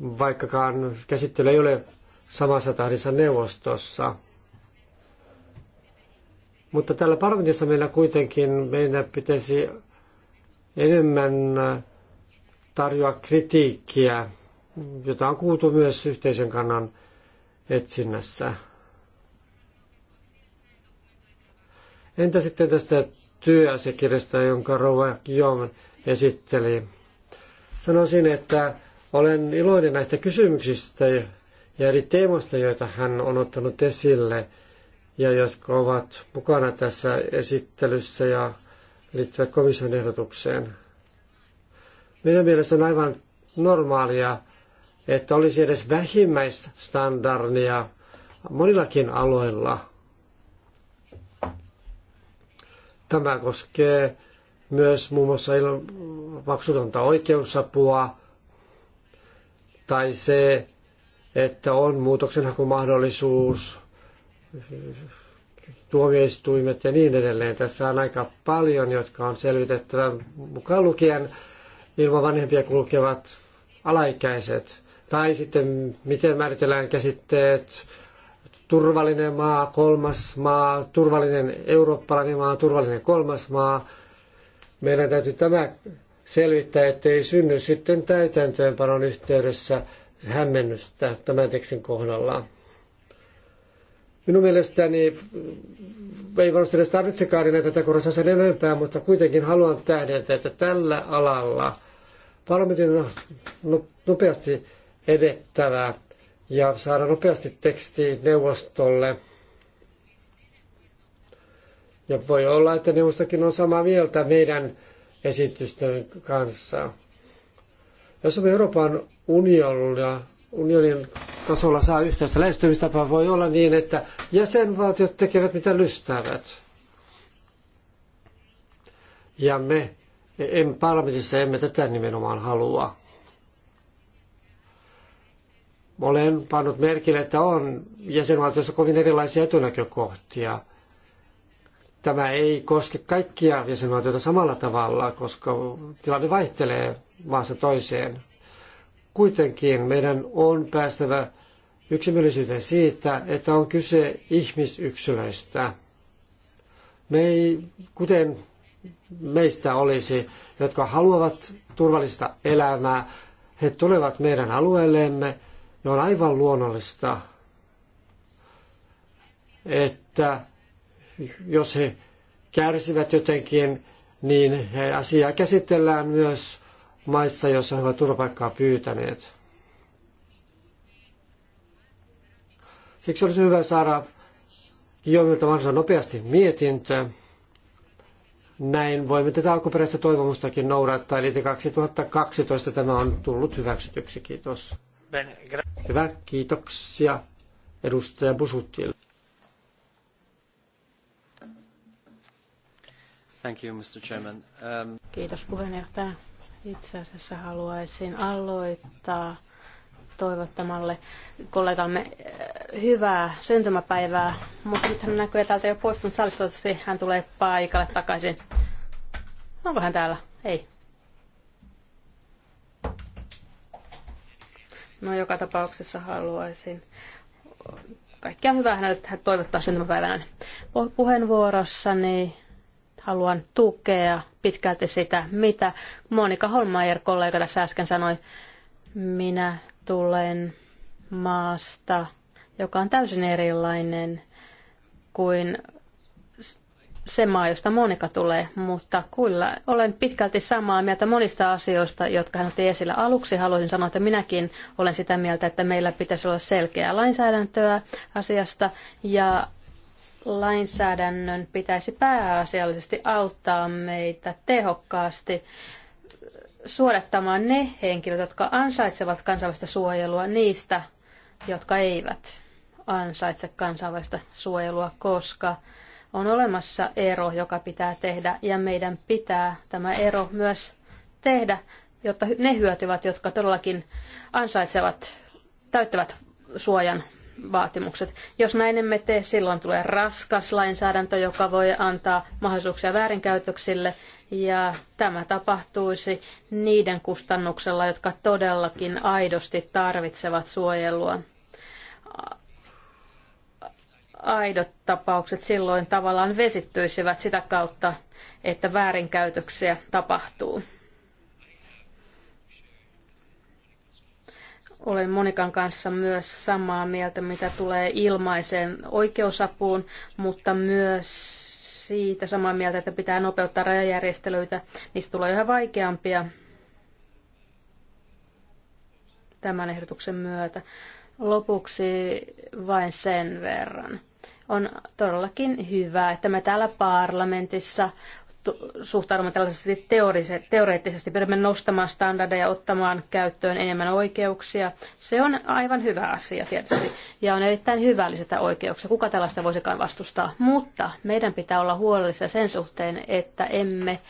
Vaikkakaan käsittely ei ole samassa tahdissa neuvostossa. Mutta täällä parlamentissa meillä kuitenkin meidän pitäisi enemmän tarjoa kritiikkiä, jota on kuultu myös yhteisen kannan etsinnässä. Entä sitten tästä työasiakirjasta, jonka Rova Guillaume esitteli? Sanoisin, että olen iloinen näistä kysymyksistä ja eri teemoista, joita hän on ottanut esille ja jotka ovat mukana tässä esittelyssä ja liittyvät komission ehdotukseen. Meidän mielestä on aivan normaalia, että olisi edes vähimmäistandardia monillakin aloilla. Tämä koskee myös muun muassa maksutonta oikeusapua tai se, että on muutoksenhakumahdollisuus, tuomioistuimet ja niin edelleen. Tässä on aika paljon, jotka on selvitettävä mukaan lukien ilman vanhempia kulkevat alaikäiset. Tai sitten miten määritellään käsitteet turvallinen maa, kolmas maa, turvallinen eurooppalainen maa, turvallinen kolmas maa. Meidän täytyy tämä selvittää, ettei synny sitten täytäntöönpanon yhteydessä hämmennystä tämän tekstin kohdalla. Minun mielestäni ei varmasti edes tarvitsekaan enää tätä korostaa sen enempää, mutta kuitenkin haluan tähdentää, että tällä alalla parlamentin on nopeasti edettävää ja saada nopeasti teksti neuvostolle. Ja voi olla, että neuvostokin on samaa mieltä meidän esitysten kanssa. Jos me Euroopan unionilla unionin tasolla saa yhteistä lähestymistapaa, voi olla niin, että jäsenvaltiot tekevät mitä lystäävät. Ja me en, parlamentissa emme tätä nimenomaan halua. Olen pannut merkille, että on jäsenvaltioissa kovin erilaisia etunäkökohtia. Tämä ei koske kaikkia jäsenvaltioita samalla tavalla, koska tilanne vaihtelee maassa toiseen. Kuitenkin meidän on päästävä yksimielisyyteen siitä, että on kyse ihmisyksilöistä. Me ei, kuten meistä olisi, jotka haluavat turvallista elämää, he tulevat meidän alueellemme ja on aivan luonnollista, että jos he kärsivät jotenkin, niin asiaa käsitellään myös maissa, joissa he ovat turvapaikkaa pyytäneet. Siksi olisi hyvä saada Guillaumilta mahdollisimman nopeasti mietintö. Näin voimme tätä alkuperäistä toivomustakin noudattaa, eli 2012 tämä on tullut hyväksytyksi. Kiitos. Hyvä, kiitoksia edustaja Busuttil. Thank you, Mr. Chairman. Um... Kiitos puheenjohtaja. Itse asiassa haluaisin aloittaa toivottamalle kollegamme äh, hyvää syntymäpäivää, mutta nyt hän näkyy täältä jo poistunut salista, toivottavasti hän tulee paikalle takaisin. Onko hän täällä? Ei. No joka tapauksessa haluaisin kaikkea hyvää hänelle toivottaa syntymäpäivänä. Puheenvuorossani haluan tukea pitkälti sitä, mitä Monika Holmeier, kollega tässä äsken sanoi. Minä tulen maasta, joka on täysin erilainen kuin se maa, josta Monika tulee, mutta kyllä olen pitkälti samaa mieltä monista asioista, jotka hän otti esillä aluksi. Haluaisin sanoa, että minäkin olen sitä mieltä, että meillä pitäisi olla selkeää lainsäädäntöä asiasta ja lainsäädännön pitäisi pääasiallisesti auttaa meitä tehokkaasti suodattamaan ne henkilöt, jotka ansaitsevat kansainvälistä suojelua niistä, jotka eivät ansaitse kansainvälistä suojelua, koska on olemassa ero, joka pitää tehdä, ja meidän pitää tämä ero myös tehdä, jotta ne hyötyvät, jotka todellakin ansaitsevat, täyttävät suojan vaatimukset. Jos näin emme tee, silloin tulee raskas lainsäädäntö, joka voi antaa mahdollisuuksia väärinkäytöksille, ja tämä tapahtuisi niiden kustannuksella, jotka todellakin aidosti tarvitsevat suojelua. Aidot tapaukset silloin tavallaan vesittyisivät sitä kautta, että väärinkäytöksiä tapahtuu. Olen Monikan kanssa myös samaa mieltä, mitä tulee ilmaiseen oikeusapuun, mutta myös siitä samaa mieltä, että pitää nopeuttaa rajajärjestelyitä. Niistä tulee yhä vaikeampia tämän ehdotuksen myötä. Lopuksi vain sen verran. On todellakin hyvä, että me täällä parlamentissa suhtaudumme tällaisesti teoreettisesti, pyrimme nostamaan standardeja, ottamaan käyttöön enemmän oikeuksia. Se on aivan hyvä asia tietysti, ja on erittäin hyvä lisätä oikeuksia. Kuka tällaista voisikaan vastustaa? Mutta meidän pitää olla huolellisia sen suhteen, että emme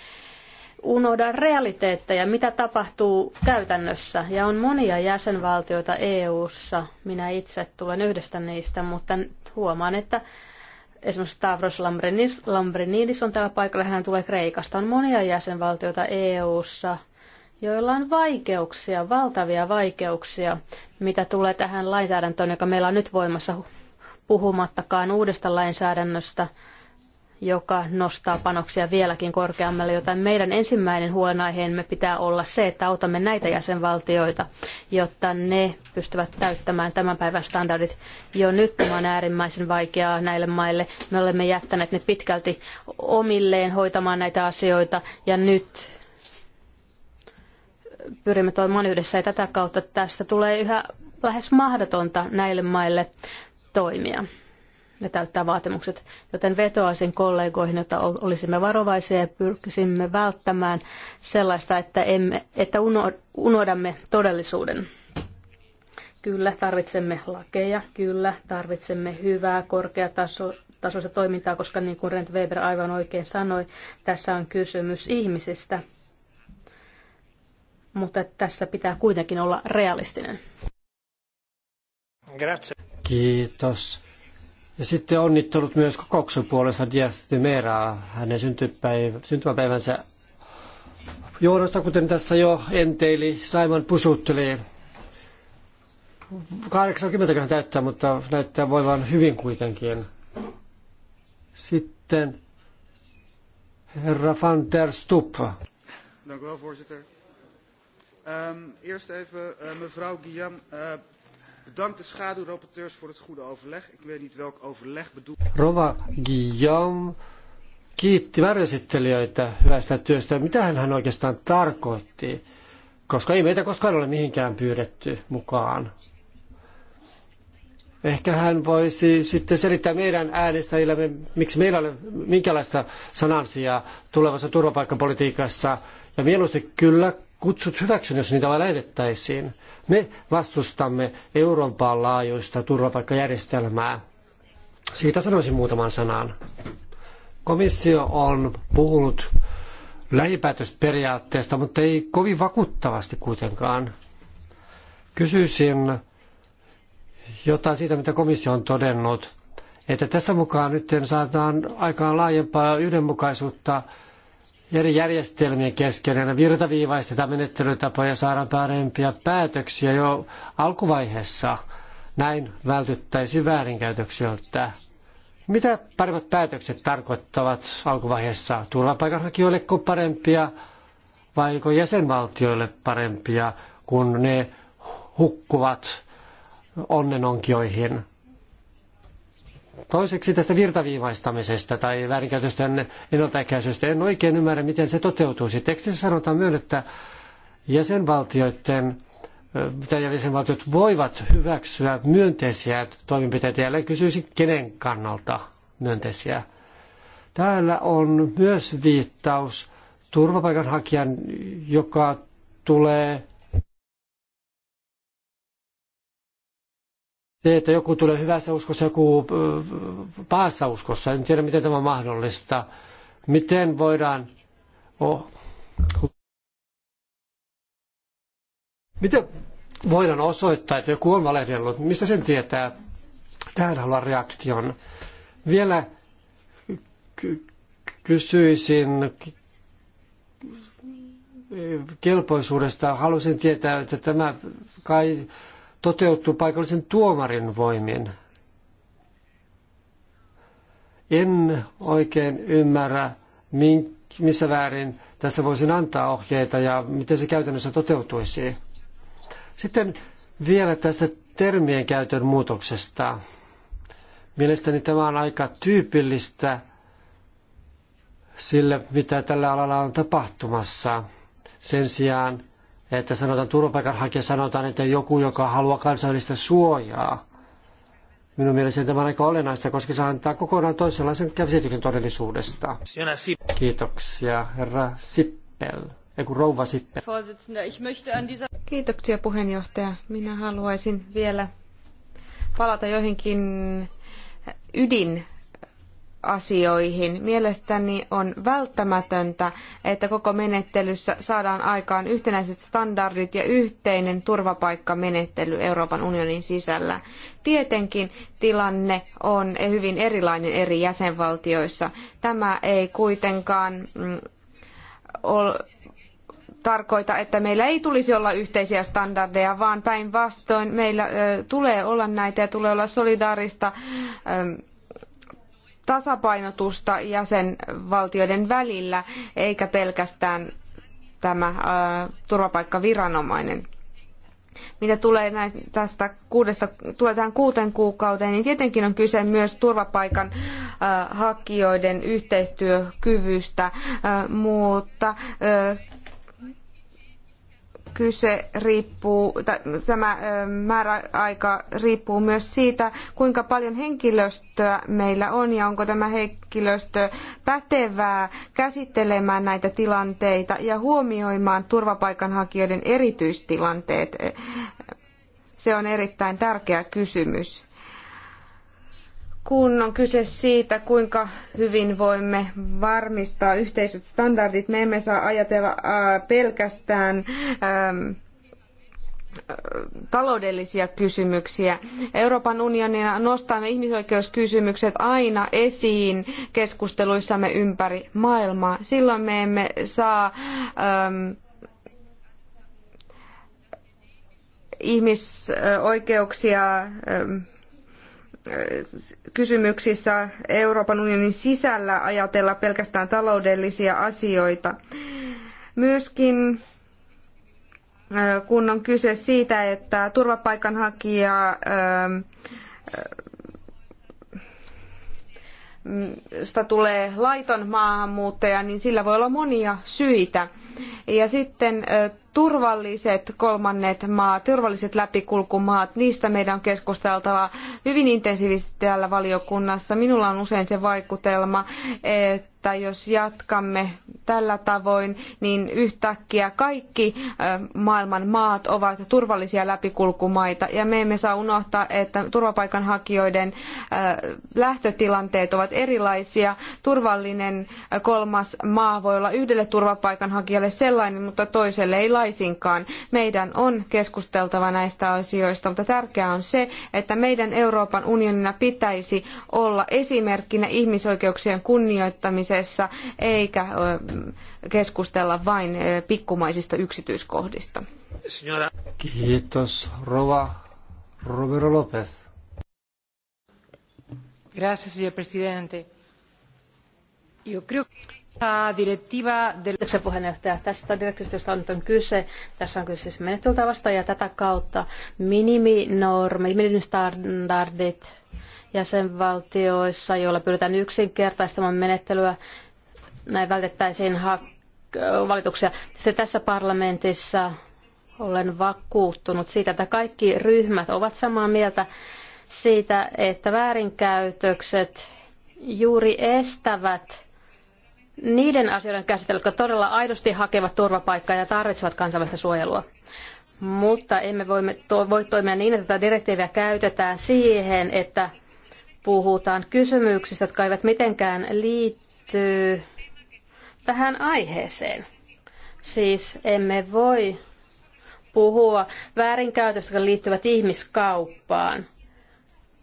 unohda realiteetteja, mitä tapahtuu käytännössä. Ja on monia jäsenvaltioita EU-ssa, minä itse tulen yhdestä niistä, mutta huomaan, että Esimerkiksi Stavros Lambrenis, Lambrenidis on täällä paikalla, hän tulee Kreikasta. On monia jäsenvaltioita EU-ssa, joilla on vaikeuksia, valtavia vaikeuksia, mitä tulee tähän lainsäädäntöön, joka meillä on nyt voimassa puhumattakaan uudesta lainsäädännöstä – joka nostaa panoksia vieläkin korkeammalle, joten meidän ensimmäinen huolenaiheemme pitää olla se, että autamme näitä jäsenvaltioita, jotta ne pystyvät täyttämään tämän päivän standardit. Jo nyt tämä on äärimmäisen vaikeaa näille maille. Me olemme jättäneet ne pitkälti omilleen hoitamaan näitä asioita ja nyt pyrimme toimimaan yhdessä ja tätä kautta tästä tulee yhä lähes mahdotonta näille maille toimia ne täyttää vaatimukset. Joten vetoaisin kollegoihin, että olisimme varovaisia ja pyrkisimme välttämään sellaista, että, emme, että unohdamme todellisuuden. Kyllä, tarvitsemme lakeja, kyllä, tarvitsemme hyvää, korkeatasoista toimintaa, koska niin kuin Rent Weber aivan oikein sanoi, tässä on kysymys ihmisistä. Mutta tässä pitää kuitenkin olla realistinen. Grazie. Kiitos. Ja sitten onnittelut myös kokouksen puolesta Diaz de Meraa, hänen syntymäpäivänsä johdosta, kuten tässä jo enteili, Saiman pusutteli 80 täyttää, mutta näyttää voivan hyvin kuitenkin. Sitten herra van der Stoep. Dank u wel, voorzitter. Um, eerst even uh, mevrouw Guillaume uh, Bedankt de schaduwrapporteurs voor het goede overleg. Ik weet niet welk overleg bedoelt. Rova Guillaume kiitti varjosittelijoita hyvästä työstä. Mitähän hän oikeastaan tarkoitti? Koska ei meitä koskaan ole mihinkään pyydetty mukaan. Ehkä hän voisi sitten selittää meidän äänestäjillemme, miksi meillä on minkälaista sanansijaa tulevassa turvapaikkapolitiikassa. Ja mieluusti kyllä kutsut hyväksyn, jos niitä vaan lähetettäisiin. Me vastustamme Euroopan laajuista turvapaikkajärjestelmää. Siitä sanoisin muutaman sanan. Komissio on puhunut lähipäätösperiaatteesta, mutta ei kovin vakuuttavasti kuitenkaan. Kysyisin jotain siitä, mitä komissio on todennut, että tässä mukaan nyt saadaan aikaan laajempaa yhdenmukaisuutta eri järjestelmien kesken aina virtaviivaistetaan menettelytapoja ja saadaan parempia päätöksiä jo alkuvaiheessa. Näin vältyttäisiin väärinkäytöksiltä. Mitä paremmat päätökset tarkoittavat alkuvaiheessa? Turvapaikanhakijoilleko parempia vaiko jäsenvaltioille parempia, kun ne hukkuvat onnenonkioihin? Toiseksi tästä virtaviivaistamisesta tai väärinkäytösten ennaltaehkäisystä. En oikein ymmärrä, miten se toteutuisi. Tekstissä sanotaan myös, että jäsenvaltioiden mitä jäsenvaltiot voivat hyväksyä myönteisiä toimenpiteitä. Jälleen kysyisin, kenen kannalta myönteisiä. Täällä on myös viittaus turvapaikanhakijan, joka tulee se, että joku tulee hyvässä uskossa, joku pahassa uskossa. En tiedä, miten tämä on mahdollista. Miten voidaan... Oh. Miten voidaan osoittaa, että joku on valehdellut? Mistä sen tietää? Tähän haluan reaktion. Vielä kysyisin kelpoisuudesta. Haluaisin tietää, että tämä kai toteutuu paikallisen tuomarin voimin. En oikein ymmärrä, missä väärin tässä voisin antaa ohjeita ja miten se käytännössä toteutuisi. Sitten vielä tästä termien käytön muutoksesta. Mielestäni tämä on aika tyypillistä sille, mitä tällä alalla on tapahtumassa. Sen sijaan, että sanotaan turvapaikanhakija, sanotaan, että joku, joka haluaa kansainvälistä suojaa. Minun mielestäni tämä on aika olennaista, koska se antaa kokonaan toisenlaisen käsityksen todellisuudesta. Kiitoksia, herra Sippel. Eiku rouva Sippel. Kiitoksia puheenjohtaja. Minä haluaisin vielä palata joihinkin ydin asioihin. Mielestäni on välttämätöntä, että koko menettelyssä saadaan aikaan yhtenäiset standardit ja yhteinen turvapaikkamenettely Euroopan unionin sisällä. Tietenkin tilanne on hyvin erilainen eri jäsenvaltioissa. Tämä ei kuitenkaan mm, ole tarkoita, että meillä ei tulisi olla yhteisiä standardeja, vaan päinvastoin meillä tulee olla näitä ja tulee olla solidaarista ö, tasapainotusta jäsenvaltioiden välillä, eikä pelkästään tämä ää, turvapaikkaviranomainen. Mitä tulee näistä, tästä kuudesta, tulee tähän kuuteen kuukauteen, niin tietenkin on kyse myös turvapaikan hakijoiden yhteistyökyvystä, mutta kyse riippuu, tämä määräaika riippuu myös siitä, kuinka paljon henkilöstöä meillä on ja onko tämä henkilöstö pätevää käsittelemään näitä tilanteita ja huomioimaan turvapaikanhakijoiden erityistilanteet. Se on erittäin tärkeä kysymys kun on kyse siitä, kuinka hyvin voimme varmistaa yhteiset standardit, me emme saa ajatella pelkästään taloudellisia kysymyksiä. Euroopan unionina nostamme ihmisoikeuskysymykset aina esiin keskusteluissamme ympäri maailmaa. Silloin me emme saa ihmisoikeuksia kysymyksissä Euroopan unionin sisällä ajatella pelkästään taloudellisia asioita. Myöskin äh, kun on kyse siitä, että turvapaikanhakija ähm, tulee laiton maahanmuuttaja, niin sillä voi olla monia syitä. Ja sitten turvalliset kolmannet maat, turvalliset läpikulkumaat, niistä meidän on keskusteltava hyvin intensiivisesti täällä valiokunnassa. Minulla on usein se vaikutelma, että että jos jatkamme tällä tavoin, niin yhtäkkiä kaikki maailman maat ovat turvallisia läpikulkumaita ja me emme saa unohtaa, että turvapaikanhakijoiden lähtötilanteet ovat erilaisia. Turvallinen kolmas maa voi olla yhdelle turvapaikanhakijalle sellainen, mutta toiselle ei laisinkaan. Meidän on keskusteltava näistä asioista, mutta tärkeää on se, että meidän Euroopan unionina pitäisi olla esimerkkinä ihmisoikeuksien kunnioittamisesta sopimuksessa, eikä keskustella vain pikkumaisista yksityiskohdista. Kiitos, Rova Romero López. Gracias, señor presidente. Yo creo que... Direktiiva del... puheenjohtaja. Tästä direktiivistä on nyt kyse. Tässä on kyse siis menettelytavasta ja tätä kautta miniminormit, minimistandardit jäsenvaltioissa, joilla pyritään yksinkertaistamaan menettelyä. Näin vältettäisiin valituksia. Se tässä parlamentissa olen vakuuttunut siitä, että kaikki ryhmät ovat samaa mieltä siitä, että väärinkäytökset juuri estävät niiden asioiden käsittely, jotka todella aidosti hakevat turvapaikkaa ja tarvitsevat kansainvälistä suojelua. Mutta emme voi toimia niin, että tätä direktiiviä käytetään siihen, että puhutaan kysymyksistä, jotka eivät mitenkään liitty tähän aiheeseen. Siis emme voi puhua väärinkäytöstä, jotka liittyvät ihmiskauppaan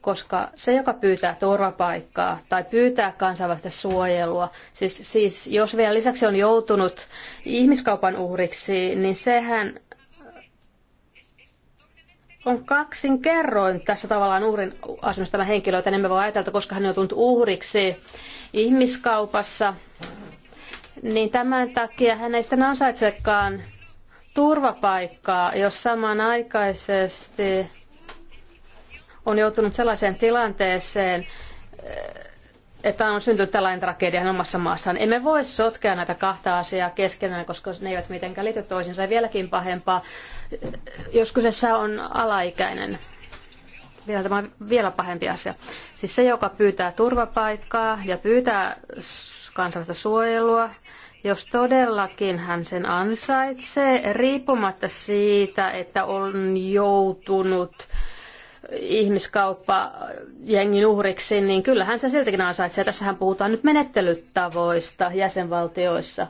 koska se, joka pyytää turvapaikkaa tai pyytää kansainvälistä suojelua, siis, siis jos vielä lisäksi on joutunut ihmiskaupan uhriksi, niin sehän on kaksin kerroin tässä tavallaan uhrin asemassa tämä henkilö, että emme voi ajatella, koska hän on joutunut uhriksi ihmiskaupassa, niin tämän takia hän ei sitten ansaitsekaan turvapaikkaa, jos samanaikaisesti on joutunut sellaiseen tilanteeseen, että on syntynyt tällainen tragedia omassa maassaan. Emme voi sotkea näitä kahta asiaa keskenään, koska ne eivät mitenkään liity toisiinsa. vieläkin pahempaa, jos kyseessä on alaikäinen. Vielä, tämä on vielä pahempi asia. Siis se, joka pyytää turvapaikkaa ja pyytää kansallista suojelua, jos todellakin hän sen ansaitsee, riippumatta siitä, että on joutunut ihmiskauppa jengin uhriksi, niin kyllähän se siltikin ansaitsee. Tässähän puhutaan nyt menettelytavoista jäsenvaltioissa,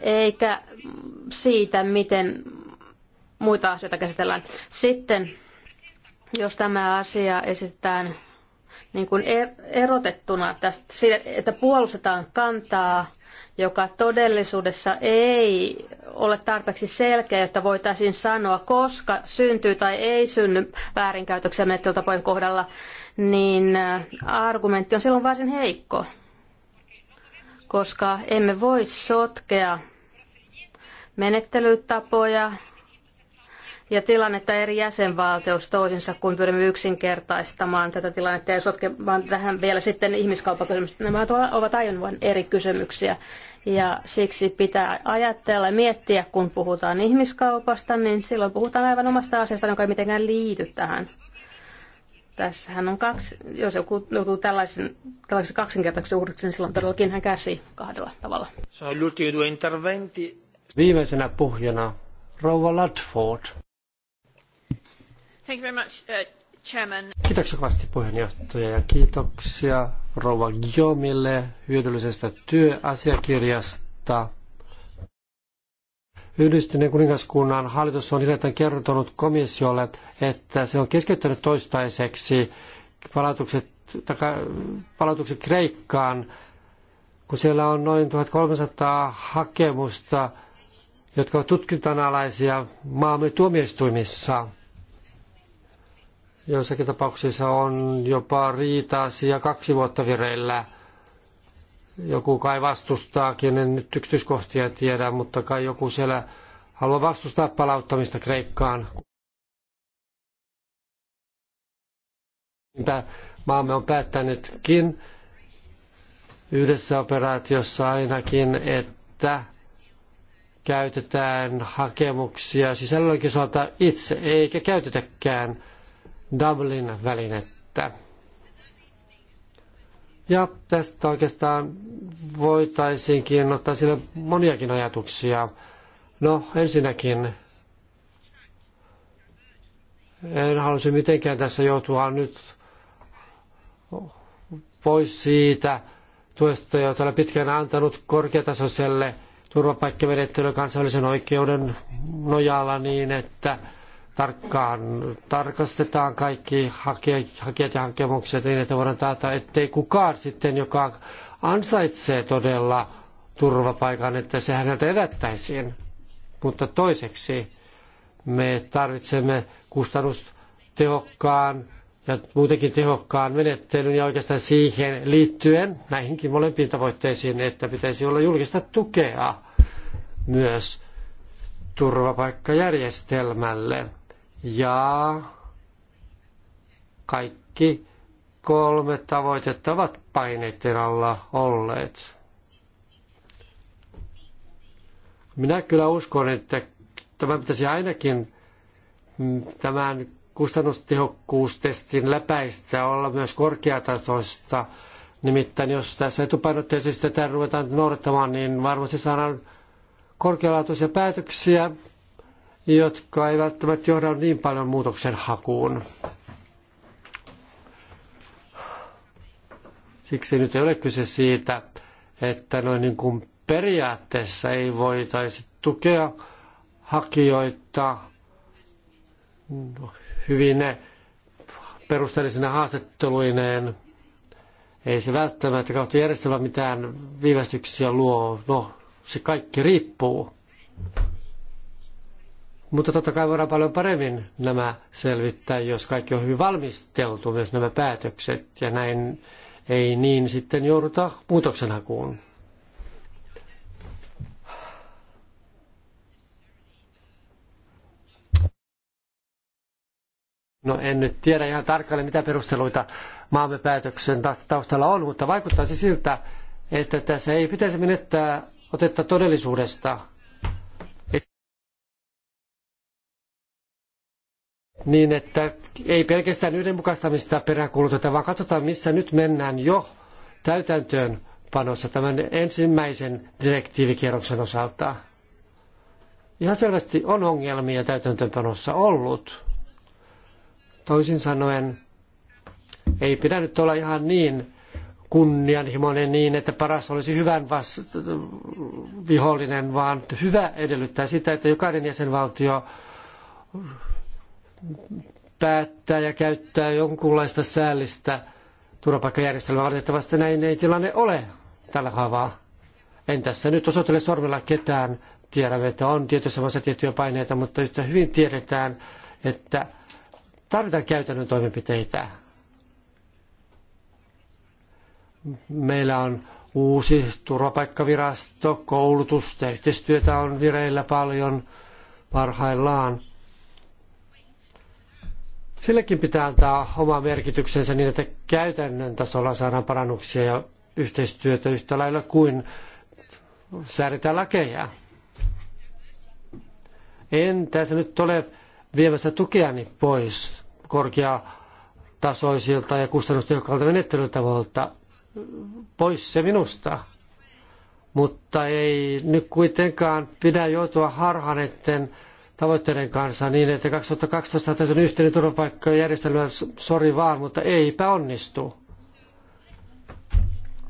eikä siitä, miten muita asioita käsitellään. Sitten, jos tämä asia esitetään niin kuin er- erotettuna tästä, että puolustetaan kantaa joka todellisuudessa ei ole tarpeeksi selkeä, että voitaisiin sanoa, koska syntyy tai ei synny väärinkäytöksiä menettelytapojen kohdalla, niin äh, argumentti on silloin varsin heikko, koska emme voi sotkea menettelytapoja ja tilannetta eri jäsenvaltioissa toisinsa, kun pyrimme yksinkertaistamaan tätä tilannetta ja sotkemaan tähän vielä sitten ihmiskauppakysymykset. Nämä ovat aivan vain eri kysymyksiä ja siksi pitää ajatella ja miettiä, kun puhutaan ihmiskaupasta, niin silloin puhutaan aivan omasta asiasta, joka ei mitenkään liity tähän. Tässähän on kaksi, jos joku joutuu tällaisen, tällaisen kaksinkertaiseksi uhriksi, niin silloin todellakin hän käsi kahdella tavalla. Viimeisenä puhjana rouva Ladford. Thank you very much, uh, chairman. Kiitoksia kovasti puheenjohtaja ja kiitoksia rouva Giomille hyödyllisestä työasiakirjasta. Yhdistyneen kuningaskunnan hallitus on hiljattain kertonut komissiolle, että se on keskeyttänyt toistaiseksi palautukset, taka, palautukset Kreikkaan, kun siellä on noin 1300 hakemusta, jotka ovat tutkintanalaisia maamme tuomioistuimissa. Joissakin tapauksissa on jopa riita-asia kaksi vuotta vireillä. Joku kai vastustaakin, en nyt yksityiskohtia tiedä, mutta kai joku siellä haluaa vastustaa palauttamista Kreikkaan. Niinpä maamme on päättänytkin yhdessä operaatiossa ainakin, että käytetään hakemuksia sisällönkin itse, eikä käytetäkään Dublin-välinettä. Ja tästä oikeastaan voitaisiinkin ottaa sille moniakin ajatuksia. No ensinnäkin en halusi mitenkään tässä joutua nyt pois siitä tuesta, jota olen pitkään antanut korkeatasoiselle turvapaikkamenettelyyn kansainvälisen oikeuden nojalla niin, että tarkkaan tarkastetaan kaikki hakijat ja hakemukset niin, että voidaan taata, ettei kukaan sitten, joka ansaitsee todella turvapaikan, että se häneltä evättäisiin. Mutta toiseksi me tarvitsemme kustannustehokkaan ja muutenkin tehokkaan menettelyn ja oikeastaan siihen liittyen näihinkin molempiin tavoitteisiin, että pitäisi olla julkista tukea myös turvapaikkajärjestelmälle. Ja kaikki kolme tavoitetta ovat paineiden alla olleet. Minä kyllä uskon, että tämä pitäisi ainakin tämän kustannustehokkuustestin läpäistä olla myös korkeatasoista. Nimittäin jos tässä etupainotteisesti tätä ruvetaan noudattamaan, niin varmasti saadaan korkealaatuisia päätöksiä jotka ei välttämättä johda niin paljon muutoksen hakuun. Siksi nyt ei ole kyse siitä, että noin niin kuin periaatteessa ei voitaisi tukea hakijoita hyvin perusteellisina haastatteluineen. Ei se välttämättä kautta järjestelmä mitään viivästyksiä luo. No, se kaikki riippuu. Mutta totta kai voidaan paljon paremmin nämä selvittää, jos kaikki on hyvin valmisteltu, myös nämä päätökset, ja näin ei niin sitten jouduta muutoksenhakuun. No en nyt tiedä ihan tarkalleen, mitä perusteluita maamme päätöksen taustalla on, mutta vaikuttaisi siltä, että tässä ei pitäisi menettää otetta todellisuudesta, niin, että ei pelkästään yhdenmukaistamista peräkuuluteta, vaan katsotaan, missä nyt mennään jo täytäntöön panossa tämän ensimmäisen direktiivikierroksen osalta. Ihan selvästi on ongelmia täytäntöönpanossa ollut. Toisin sanoen, ei pidä nyt olla ihan niin kunnianhimoinen niin, että paras olisi hyvän vas- vihollinen, vaan hyvä edellyttää sitä, että jokainen jäsenvaltio päättää ja käyttää jonkunlaista säällistä turvapaikkajärjestelmää. Valitettavasti näin ei tilanne ole tällä haavaa. En tässä nyt osoitele sormella ketään. Tiedämme, että on tietyissä maissa tiettyjä paineita, mutta yhtä hyvin tiedetään, että tarvitaan käytännön toimenpiteitä. Meillä on uusi turvapaikkavirasto, koulutusta ja yhteistyötä on vireillä paljon parhaillaan. Sillekin pitää antaa oma merkityksensä niin, että käytännön tasolla saadaan parannuksia ja yhteistyötä yhtä lailla kuin säädetään lakeja. En tässä nyt ole viemässä tukeani pois korkeatasoisilta ja kustannustehokkailta menettelytavoilta. pois se minusta. Mutta ei nyt kuitenkaan pidä joutua harhaan, etten tavoitteiden kanssa niin, että 2012 saataisiin yhteinen turvapaikkajärjestelmä, sori vaan, mutta eipä onnistu.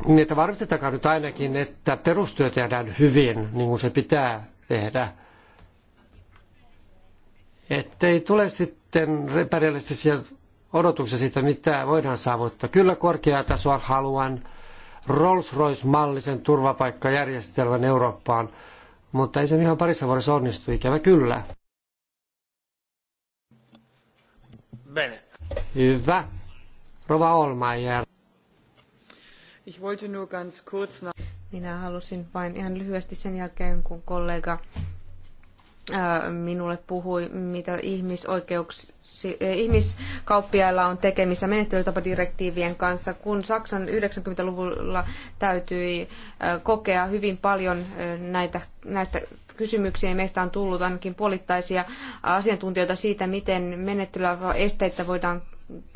Niin, että varmistetaan nyt ainakin, että perustyö tehdään hyvin, niin kuin se pitää tehdä. Ettei tule sitten epärealistisia odotuksia siitä, mitä voidaan saavuttaa. Kyllä korkeaa tasoa haluan Rolls-Royce-mallisen turvapaikkajärjestelmän Eurooppaan, mutta ei se ihan parissa vuodessa onnistu, ikävä kyllä. Bene. Hyvä. Rova Olmaier. Ich wollte nur ganz kurz nach... Minä halusin vain ihan lyhyesti sen jälkeen, kun kollega minulle puhui, mitä ihmisoikeuksia Eh, ihmiskauppiailla on tekemissä menettelytapadirektiivien kanssa, kun Saksan 90-luvulla täytyi eh, kokea hyvin paljon eh, näitä, näistä kysymyksiä. Meistä on tullut ainakin puolittaisia asiantuntijoita siitä, miten menettelyä esteitä voidaan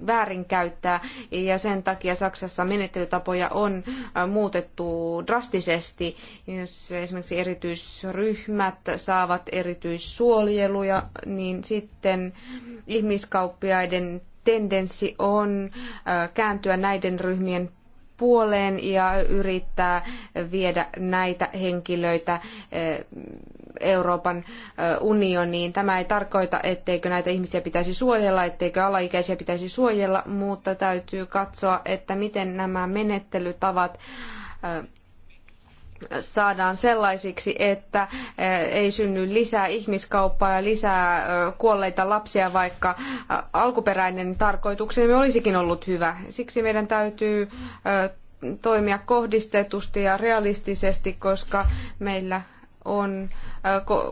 väärinkäyttää ja sen takia Saksassa menettelytapoja on äh, muutettu drastisesti. Jos esimerkiksi erityisryhmät saavat erityissuojeluja, niin sitten ihmiskauppiaiden tendenssi on äh, kääntyä näiden ryhmien puoleen ja yrittää viedä näitä henkilöitä äh, Euroopan unioniin. Tämä ei tarkoita, etteikö näitä ihmisiä pitäisi suojella, etteikö alaikäisiä pitäisi suojella, mutta täytyy katsoa, että miten nämä menettelytavat saadaan sellaisiksi, että ei synny lisää ihmiskauppaa ja lisää kuolleita lapsia, vaikka alkuperäinen tarkoituksemme olisikin ollut hyvä. Siksi meidän täytyy toimia kohdistetusti ja realistisesti, koska meillä on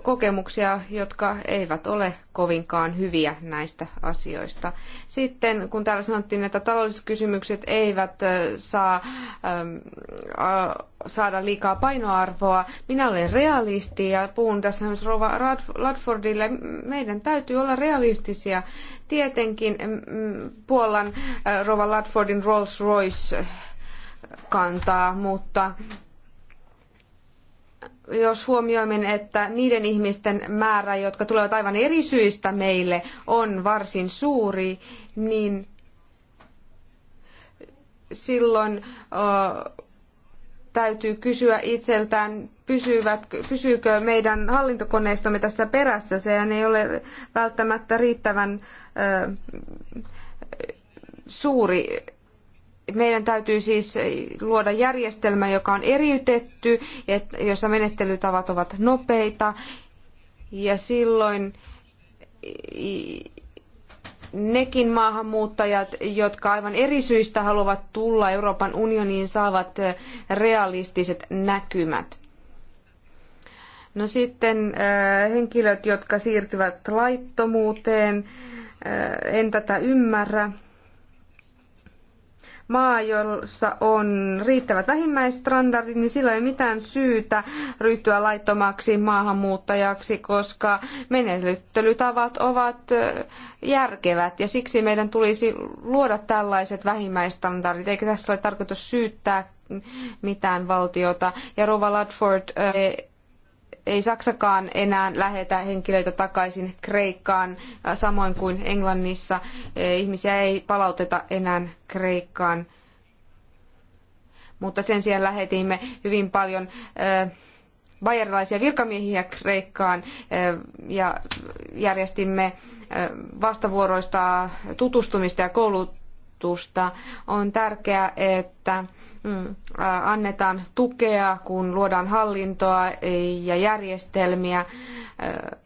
kokemuksia, jotka eivät ole kovinkaan hyviä näistä asioista. Sitten kun täällä sanottiin, että taloudelliset kysymykset eivät saa saada liikaa painoarvoa, minä olen realisti ja puhun tässä myös Rova Radfordille. Meidän täytyy olla realistisia. Tietenkin Puolan Rova Radfordin Rolls Royce kantaa, mutta jos huomioimme, että niiden ihmisten määrä, jotka tulevat aivan eri syistä meille, on varsin suuri, niin silloin ö, täytyy kysyä itseltään, pysyvätkö, pysyykö meidän hallintokoneistomme tässä perässä. Sehän ei ole välttämättä riittävän ö, suuri meidän täytyy siis luoda järjestelmä, joka on eriytetty, jossa menettelytavat ovat nopeita ja silloin nekin maahanmuuttajat, jotka aivan eri syistä haluavat tulla Euroopan unioniin, saavat realistiset näkymät. No sitten äh, henkilöt, jotka siirtyvät laittomuuteen, äh, en tätä ymmärrä maa, jossa on riittävät vähimmäisstandardit, niin sillä ei mitään syytä ryhtyä laittomaksi maahanmuuttajaksi, koska menettelytavat ovat järkevät ja siksi meidän tulisi luoda tällaiset vähimmäisstandardit, eikä tässä ole tarkoitus syyttää mitään valtiota. Ja Rova Ludford ei Saksakaan enää lähetä henkilöitä takaisin Kreikkaan, samoin kuin Englannissa. E, ihmisiä ei palauteta enää Kreikkaan. Mutta sen sijaan lähetimme hyvin paljon e, bayerilaisia virkamiehiä Kreikkaan e, ja järjestimme vastavuoroista tutustumista ja koulutusta koulutusta. On tärkeää, että mm, äh, annetaan tukea, kun luodaan hallintoa ja järjestelmiä äh,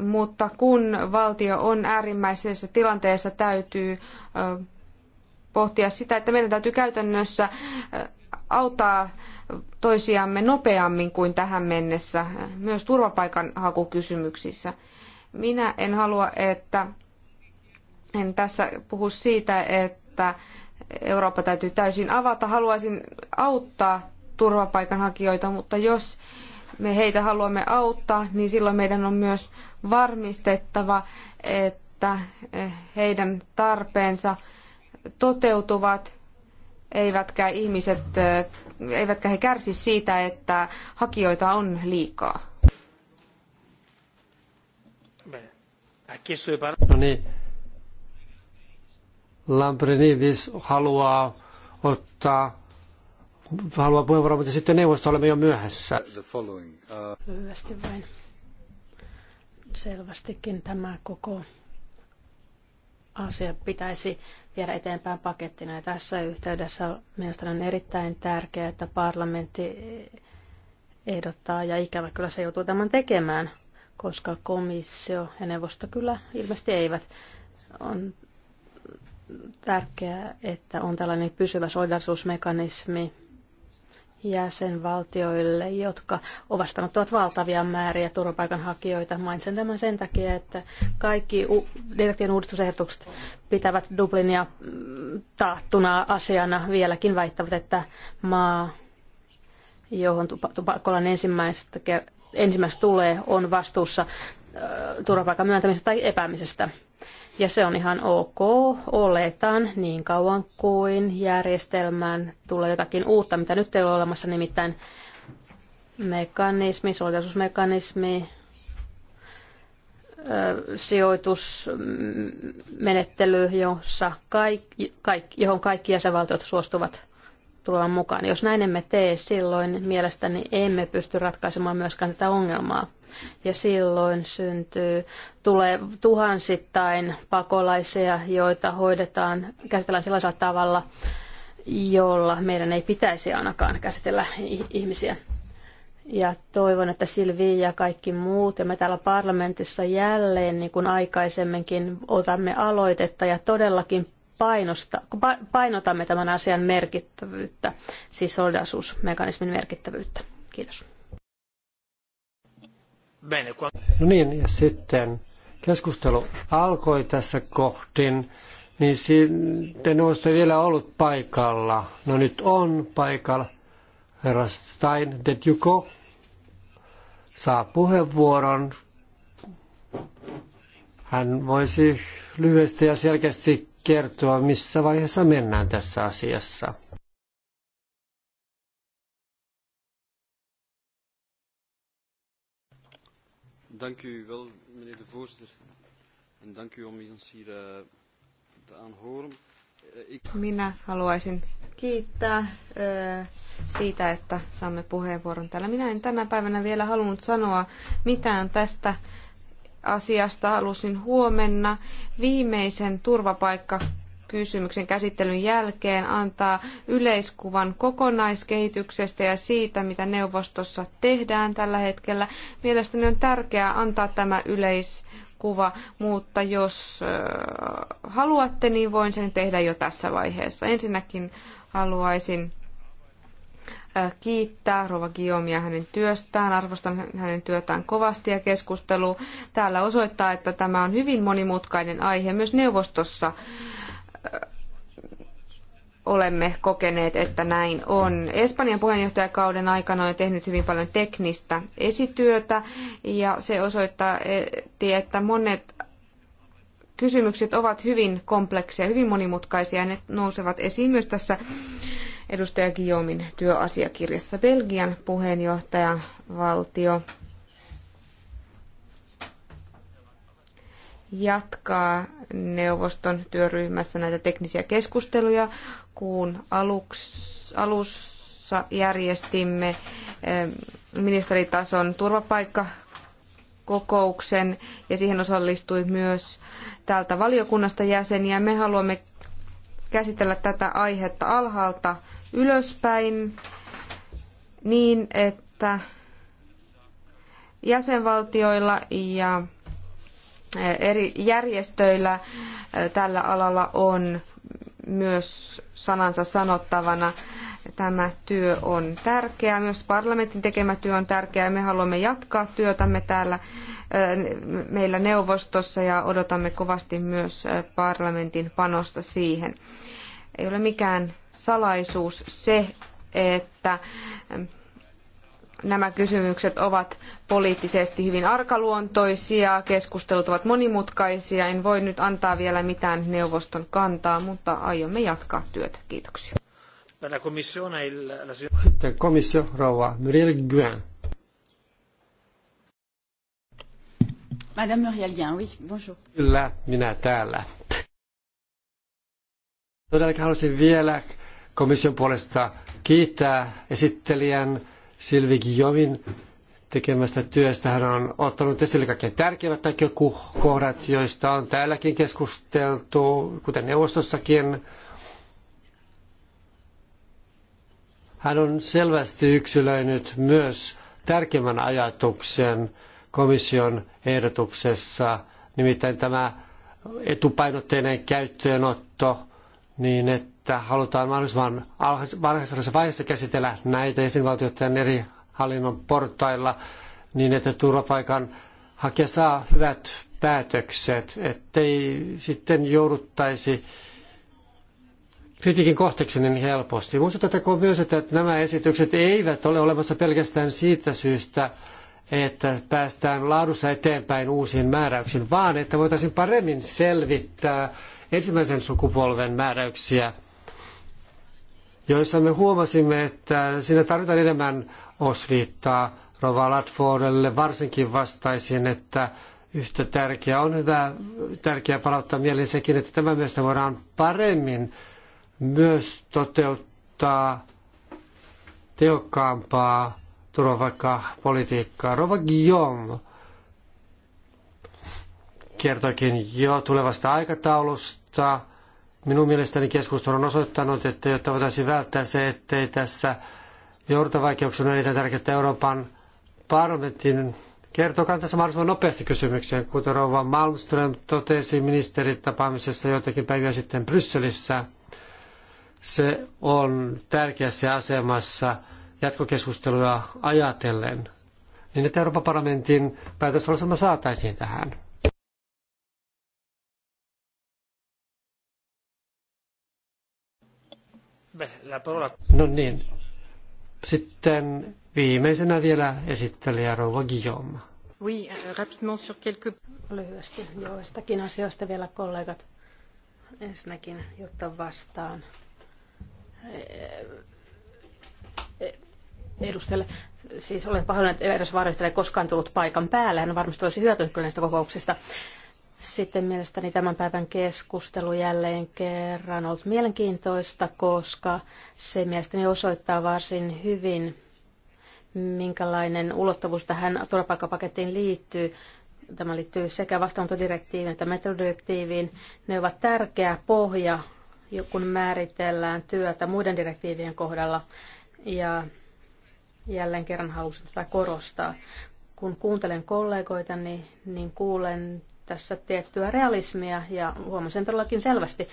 mutta kun valtio on äärimmäisessä tilanteessa, täytyy äh, pohtia sitä, että meidän täytyy käytännössä auttaa toisiamme nopeammin kuin tähän mennessä, myös turvapaikanhakukysymyksissä. Minä en halua, että en tässä puhu siitä, että Eurooppa täytyy täysin avata. Haluaisin auttaa turvapaikanhakijoita, mutta jos me heitä haluamme auttaa, niin silloin meidän on myös varmistettava, että heidän tarpeensa toteutuvat, eivätkä ihmiset, eivätkä he kärsi siitä, että hakijoita on liikaa. No niin, Lambrinivis haluaa ottaa haluaa puheenvuoron, mutta sitten neuvosto olemme jo myöhässä. Uh, Lyhyesti vain. Selvästikin tämä koko asia pitäisi viedä eteenpäin pakettina. Ja tässä yhteydessä mielestäni on erittäin tärkeää, että parlamentti ehdottaa, ja ikävä kyllä se joutuu tämän tekemään, koska komissio ja neuvosto kyllä ilmeisesti eivät. On tärkeää, että on tällainen pysyvä solidarisuusmekanismi jäsenvaltioille, jotka ovastanottavat valtavia määriä turvapaikanhakijoita. Mainitsen tämän sen takia, että kaikki u- direktiivin uudistusehdotukset pitävät Dublinia mm, taattuna asiana. Vieläkin väittävät, että maa, johon tupakkolainen ensimmäistä, ensimmäistä tulee, on vastuussa turvapaikan myöntämisestä tai epäämisestä. Ja se on ihan ok, oletan, niin kauan kuin järjestelmään tulee jotakin uutta, mitä nyt ei ole olemassa, nimittäin mekanismi, solidaisuusmekanismi, sijoitusmenettely, jossa kaikki, kaikki, johon kaikki jäsenvaltiot suostuvat tulevan mukaan. Jos näin emme tee, silloin mielestäni emme pysty ratkaisemaan myöskään tätä ongelmaa ja silloin syntyy, tulee tuhansittain pakolaisia, joita hoidetaan, käsitellään sellaisella tavalla, jolla meidän ei pitäisi ainakaan käsitellä ihmisiä. Ja toivon, että Silvi ja kaikki muut ja me täällä parlamentissa jälleen, niin kuin aikaisemminkin, otamme aloitetta ja todellakin painosta, painotamme tämän asian merkittävyyttä, siis solidaisuusmekanismin merkittävyyttä. Kiitos. No niin, ja sitten keskustelu alkoi tässä kohtin, niin sitten neuvosto vielä ollut paikalla. No nyt on paikalla. Herra Stein, did you go? Saa puheenvuoron. Hän voisi lyhyesti ja selkeästi kertoa, missä vaiheessa mennään tässä asiassa. Dank u wel, meneer de voorzitter. En dank u om ons hier eh, te aanhoren. Eh, Minä haluaisin kiittää eh, siitä, että saamme puheenvuoron täällä. Minä en tänä päivänä vielä halunnut sanoa mitään tästä asiasta. Halusin huomenna viimeisen turvapaikka kysymyksen käsittelyn jälkeen antaa yleiskuvan kokonaiskehityksestä ja siitä, mitä neuvostossa tehdään tällä hetkellä. Mielestäni on tärkeää antaa tämä yleiskuva, mutta jos äh, haluatte, niin voin sen tehdä jo tässä vaiheessa. Ensinnäkin haluaisin äh, kiittää Rova Guillaumea hänen työstään. Arvostan hänen työtään kovasti ja keskustelu täällä osoittaa, että tämä on hyvin monimutkainen aihe myös neuvostossa olemme kokeneet, että näin on. Espanjan puheenjohtajakauden aikana on tehnyt hyvin paljon teknistä esityötä ja se osoittaa, että monet kysymykset ovat hyvin kompleksia, hyvin monimutkaisia ja ne nousevat esiin myös tässä edustaja Guillaumin työasiakirjassa. Belgian puheenjohtajavaltio valtio jatkaa neuvoston työryhmässä näitä teknisiä keskusteluja, kun aluksi, alussa järjestimme ministeritason turvapaikka kokouksen ja siihen osallistui myös täältä valiokunnasta jäseniä. Me haluamme käsitellä tätä aihetta alhaalta ylöspäin niin, että jäsenvaltioilla ja eri järjestöillä tällä alalla on myös sanansa sanottavana. Tämä työ on tärkeää, myös parlamentin tekemä työ on tärkeää. Me haluamme jatkaa työtämme täällä meillä neuvostossa ja odotamme kovasti myös parlamentin panosta siihen. Ei ole mikään salaisuus se, että nämä kysymykset ovat poliittisesti hyvin arkaluontoisia, keskustelut ovat monimutkaisia. En voi nyt antaa vielä mitään neuvoston kantaa, mutta aiomme jatkaa työtä. Kiitoksia. komissio, rouva Muriel Guin. Madame Muriel Guin, oui, bonjour. Kyllä, minä täällä. Todellakin haluaisin vielä komission puolesta kiittää esittelijän Silvi Guillaumin tekemästä työstä. Hän on ottanut esille kaikkein tärkeimmät näkökohdat, joista on täälläkin keskusteltu, kuten neuvostossakin. Hän on selvästi yksilöinyt myös tärkeimmän ajatuksen komission ehdotuksessa, nimittäin tämä etupainotteinen käyttöönotto, niin että että halutaan mahdollisimman varhaisessa vaiheessa käsitellä näitä jäsenvaltioiden eri hallinnon portailla niin, että turvapaikan hakija saa hyvät päätökset, ettei sitten jouduttaisi kritiikin kohteeksi niin helposti. Muistutettakoon myös, että nämä esitykset eivät ole olemassa pelkästään siitä syystä, että päästään laadussa eteenpäin uusiin määräyksiin, vaan että voitaisiin paremmin selvittää ensimmäisen sukupolven määräyksiä joissa me huomasimme, että siinä tarvitaan enemmän osviittaa Rova Latfordelle. Varsinkin vastaisin, että yhtä tärkeää on hyvä, tärkeää palauttaa mieleen sekin, että tämän mielestä voidaan paremmin myös toteuttaa tehokkaampaa turvapaikkapolitiikkaa. Rova Guillaume kertoikin jo tulevasta aikataulusta Minun mielestäni keskustelu on osoittanut, että jotta voitaisiin välttää se, ettei tässä jouduta vaikeuksena erittäin tärkeää Euroopan parlamentin kertoo kantansa mahdollisimman nopeasti kysymykseen, kuten rouva Malmström totesi ministerit tapaamisessa joitakin päiviä sitten Brysselissä. Se on tärkeässä asemassa jatkokeskusteluja ajatellen, niin että Euroopan parlamentin päätösvalsama saataisiin tähän. No niin. Sitten viimeisenä vielä esittelijä Rouva Guillaume. Oui, euh, rapidement sur quelques... Lyhyesti joistakin asioista vielä kollegat. Ensinnäkin, jotta vastaan eh, eh, edustajalle. Siis olen pahoillani, että eräs varjostelija ei koskaan tullut paikan päälle. Hän varmasti olisi hyötynyt kyllä näistä kokouksista. Sitten mielestäni tämän päivän keskustelu jälleen kerran on ollut mielenkiintoista, koska se mielestäni osoittaa varsin hyvin, minkälainen ulottuvuus tähän turvapaikkapakettiin liittyy. Tämä liittyy sekä vastaanottodirektiiviin että metodirektiiviin. Ne ovat tärkeä pohja, kun määritellään työtä muiden direktiivien kohdalla. Ja jälleen kerran halusin tätä korostaa. Kun kuuntelen kollegoita, niin, niin kuulen tässä tiettyä realismia ja huomasin todellakin selvästi.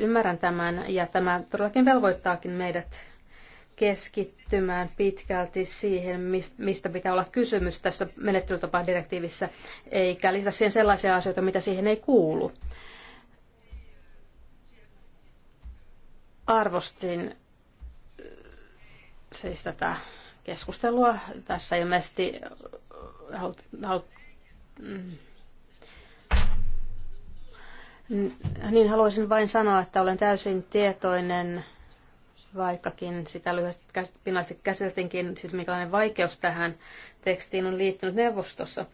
Ymmärrän tämän ja tämä todellakin velvoittaakin meidät keskittymään pitkälti siihen, mistä pitää olla kysymys tässä menettelytapadirektiivissä, eikä lisätä siihen sellaisia asioita, mitä siihen ei kuulu. Arvostin siis tätä keskustelua. Tässä ilmeisesti halut, halut, mm, niin haluaisin vain sanoa, että olen täysin tietoinen, vaikkakin sitä lyhyesti pinnallisesti käsiteltiinkin, siis minkälainen vaikeus tähän tekstiin on liittynyt neuvostossa.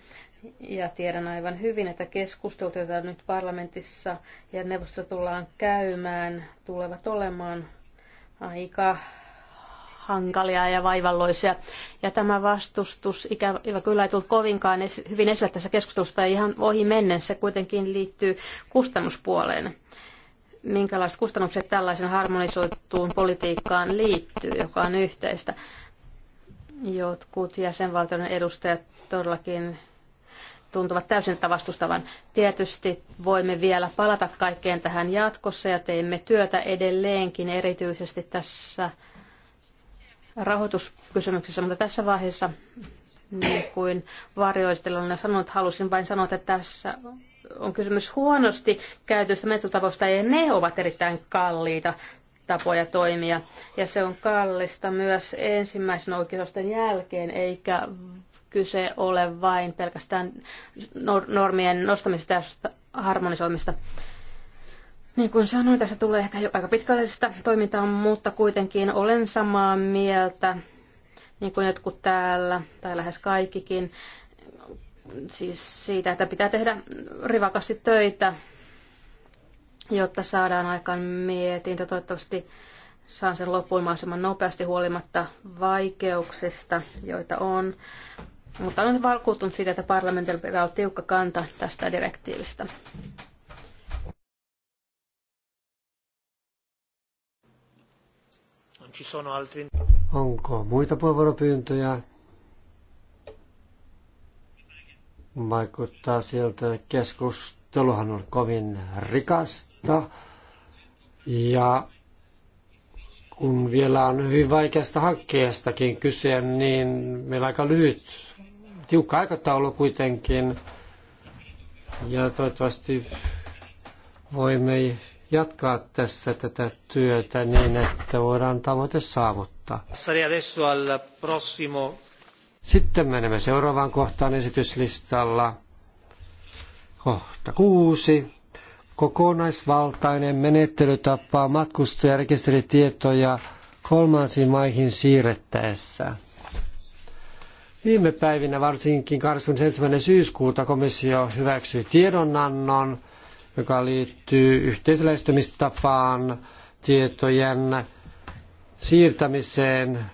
Ja tiedän aivan hyvin, että keskustelut, joita nyt parlamentissa ja neuvostossa tullaan käymään, tulevat olemaan aika hankalia ja vaivalloisia. Ja tämä vastustus ikävä kyllä ei tullut kovinkaan hyvin esille tässä keskustelussa tai ihan ohi mennen. Se kuitenkin liittyy kustannuspuoleen. Minkälaiset kustannukset tällaisen harmonisoituun politiikkaan liittyy, joka on yhteistä. Jotkut jäsenvaltioiden edustajat todellakin tuntuvat täysin vastustavan. Tietysti voimme vielä palata kaikkeen tähän jatkossa ja teemme työtä edelleenkin erityisesti tässä rahoituskysymyksessä, mutta tässä vaiheessa, niin kuin varjoisteluna sanonut, halusin vain sanoa, että tässä on kysymys huonosti käytöstä metotavoista, ja ne ovat erittäin kalliita tapoja toimia. Ja se on kallista myös ensimmäisen oikeusten jälkeen, eikä kyse ole vain pelkästään no- normien nostamisesta ja harmonisoimista. Niin kuin sanoin, tässä tulee ehkä aika pitkällisestä toimintaa, mutta kuitenkin olen samaa mieltä, niin kuin jotkut täällä, tai lähes kaikkikin, siis siitä, että pitää tehdä rivakasti töitä, jotta saadaan aikaan mietintö. Toivottavasti saan sen loppuun mahdollisimman nopeasti huolimatta vaikeuksista, joita on. Mutta olen valkuutunut siitä, että parlamentilla on tiukka kanta tästä direktiivistä. Ci sono altri... Onko muita puheenvuoropyyntöjä? Vaikuttaa sieltä, keskusteluhan on kovin rikasta. Ja kun vielä on hyvin vaikeasta hankkeestakin kyse, niin meillä on aika lyhyt, tiukka aikataulu kuitenkin. Ja toivottavasti voimme jatkaa tässä tätä työtä niin, että voidaan tavoite saavuttaa. Sitten menemme seuraavaan kohtaan esityslistalla. Kohta kuusi. Kokonaisvaltainen menettelytapa matkustajarekisteritietoja kolmansiin maihin siirrettäessä. Viime päivinä varsinkin 27. syyskuuta komissio hyväksyi tiedonannon – joka liittyy yhteisläistymistapaan, tietojen siirtämiseen,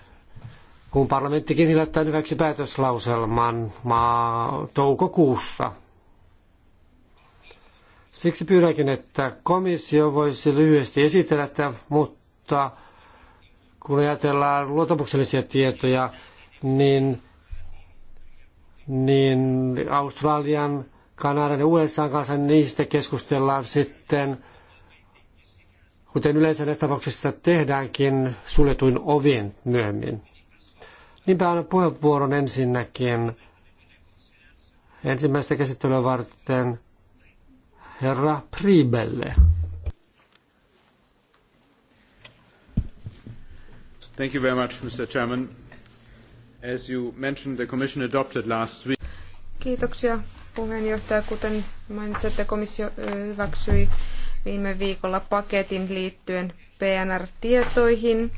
kun parlamenttikin hiljattain hyväksi päätöslauselman maa toukokuussa. Siksi pyydänkin, että komissio voisi lyhyesti esitellä tätä, mutta kun ajatellaan luottamuksellisia tietoja, niin, niin Australian Kanadan ja USA kanssa, niin niistä keskustellaan sitten, kuten yleensä näissä tapauksissa tehdäänkin, suljetuin ovin myöhemmin. Niinpä annan puheenvuoron ensinnäkin ensimmäistä käsittelyä varten herra Priibelle. Thank you very much, Mr. Chairman. As you mentioned, the Commission adopted last week. Kiitoksia puheenjohtaja. Kuten mainitsette, komissio hyväksyi viime viikolla paketin liittyen PNR-tietoihin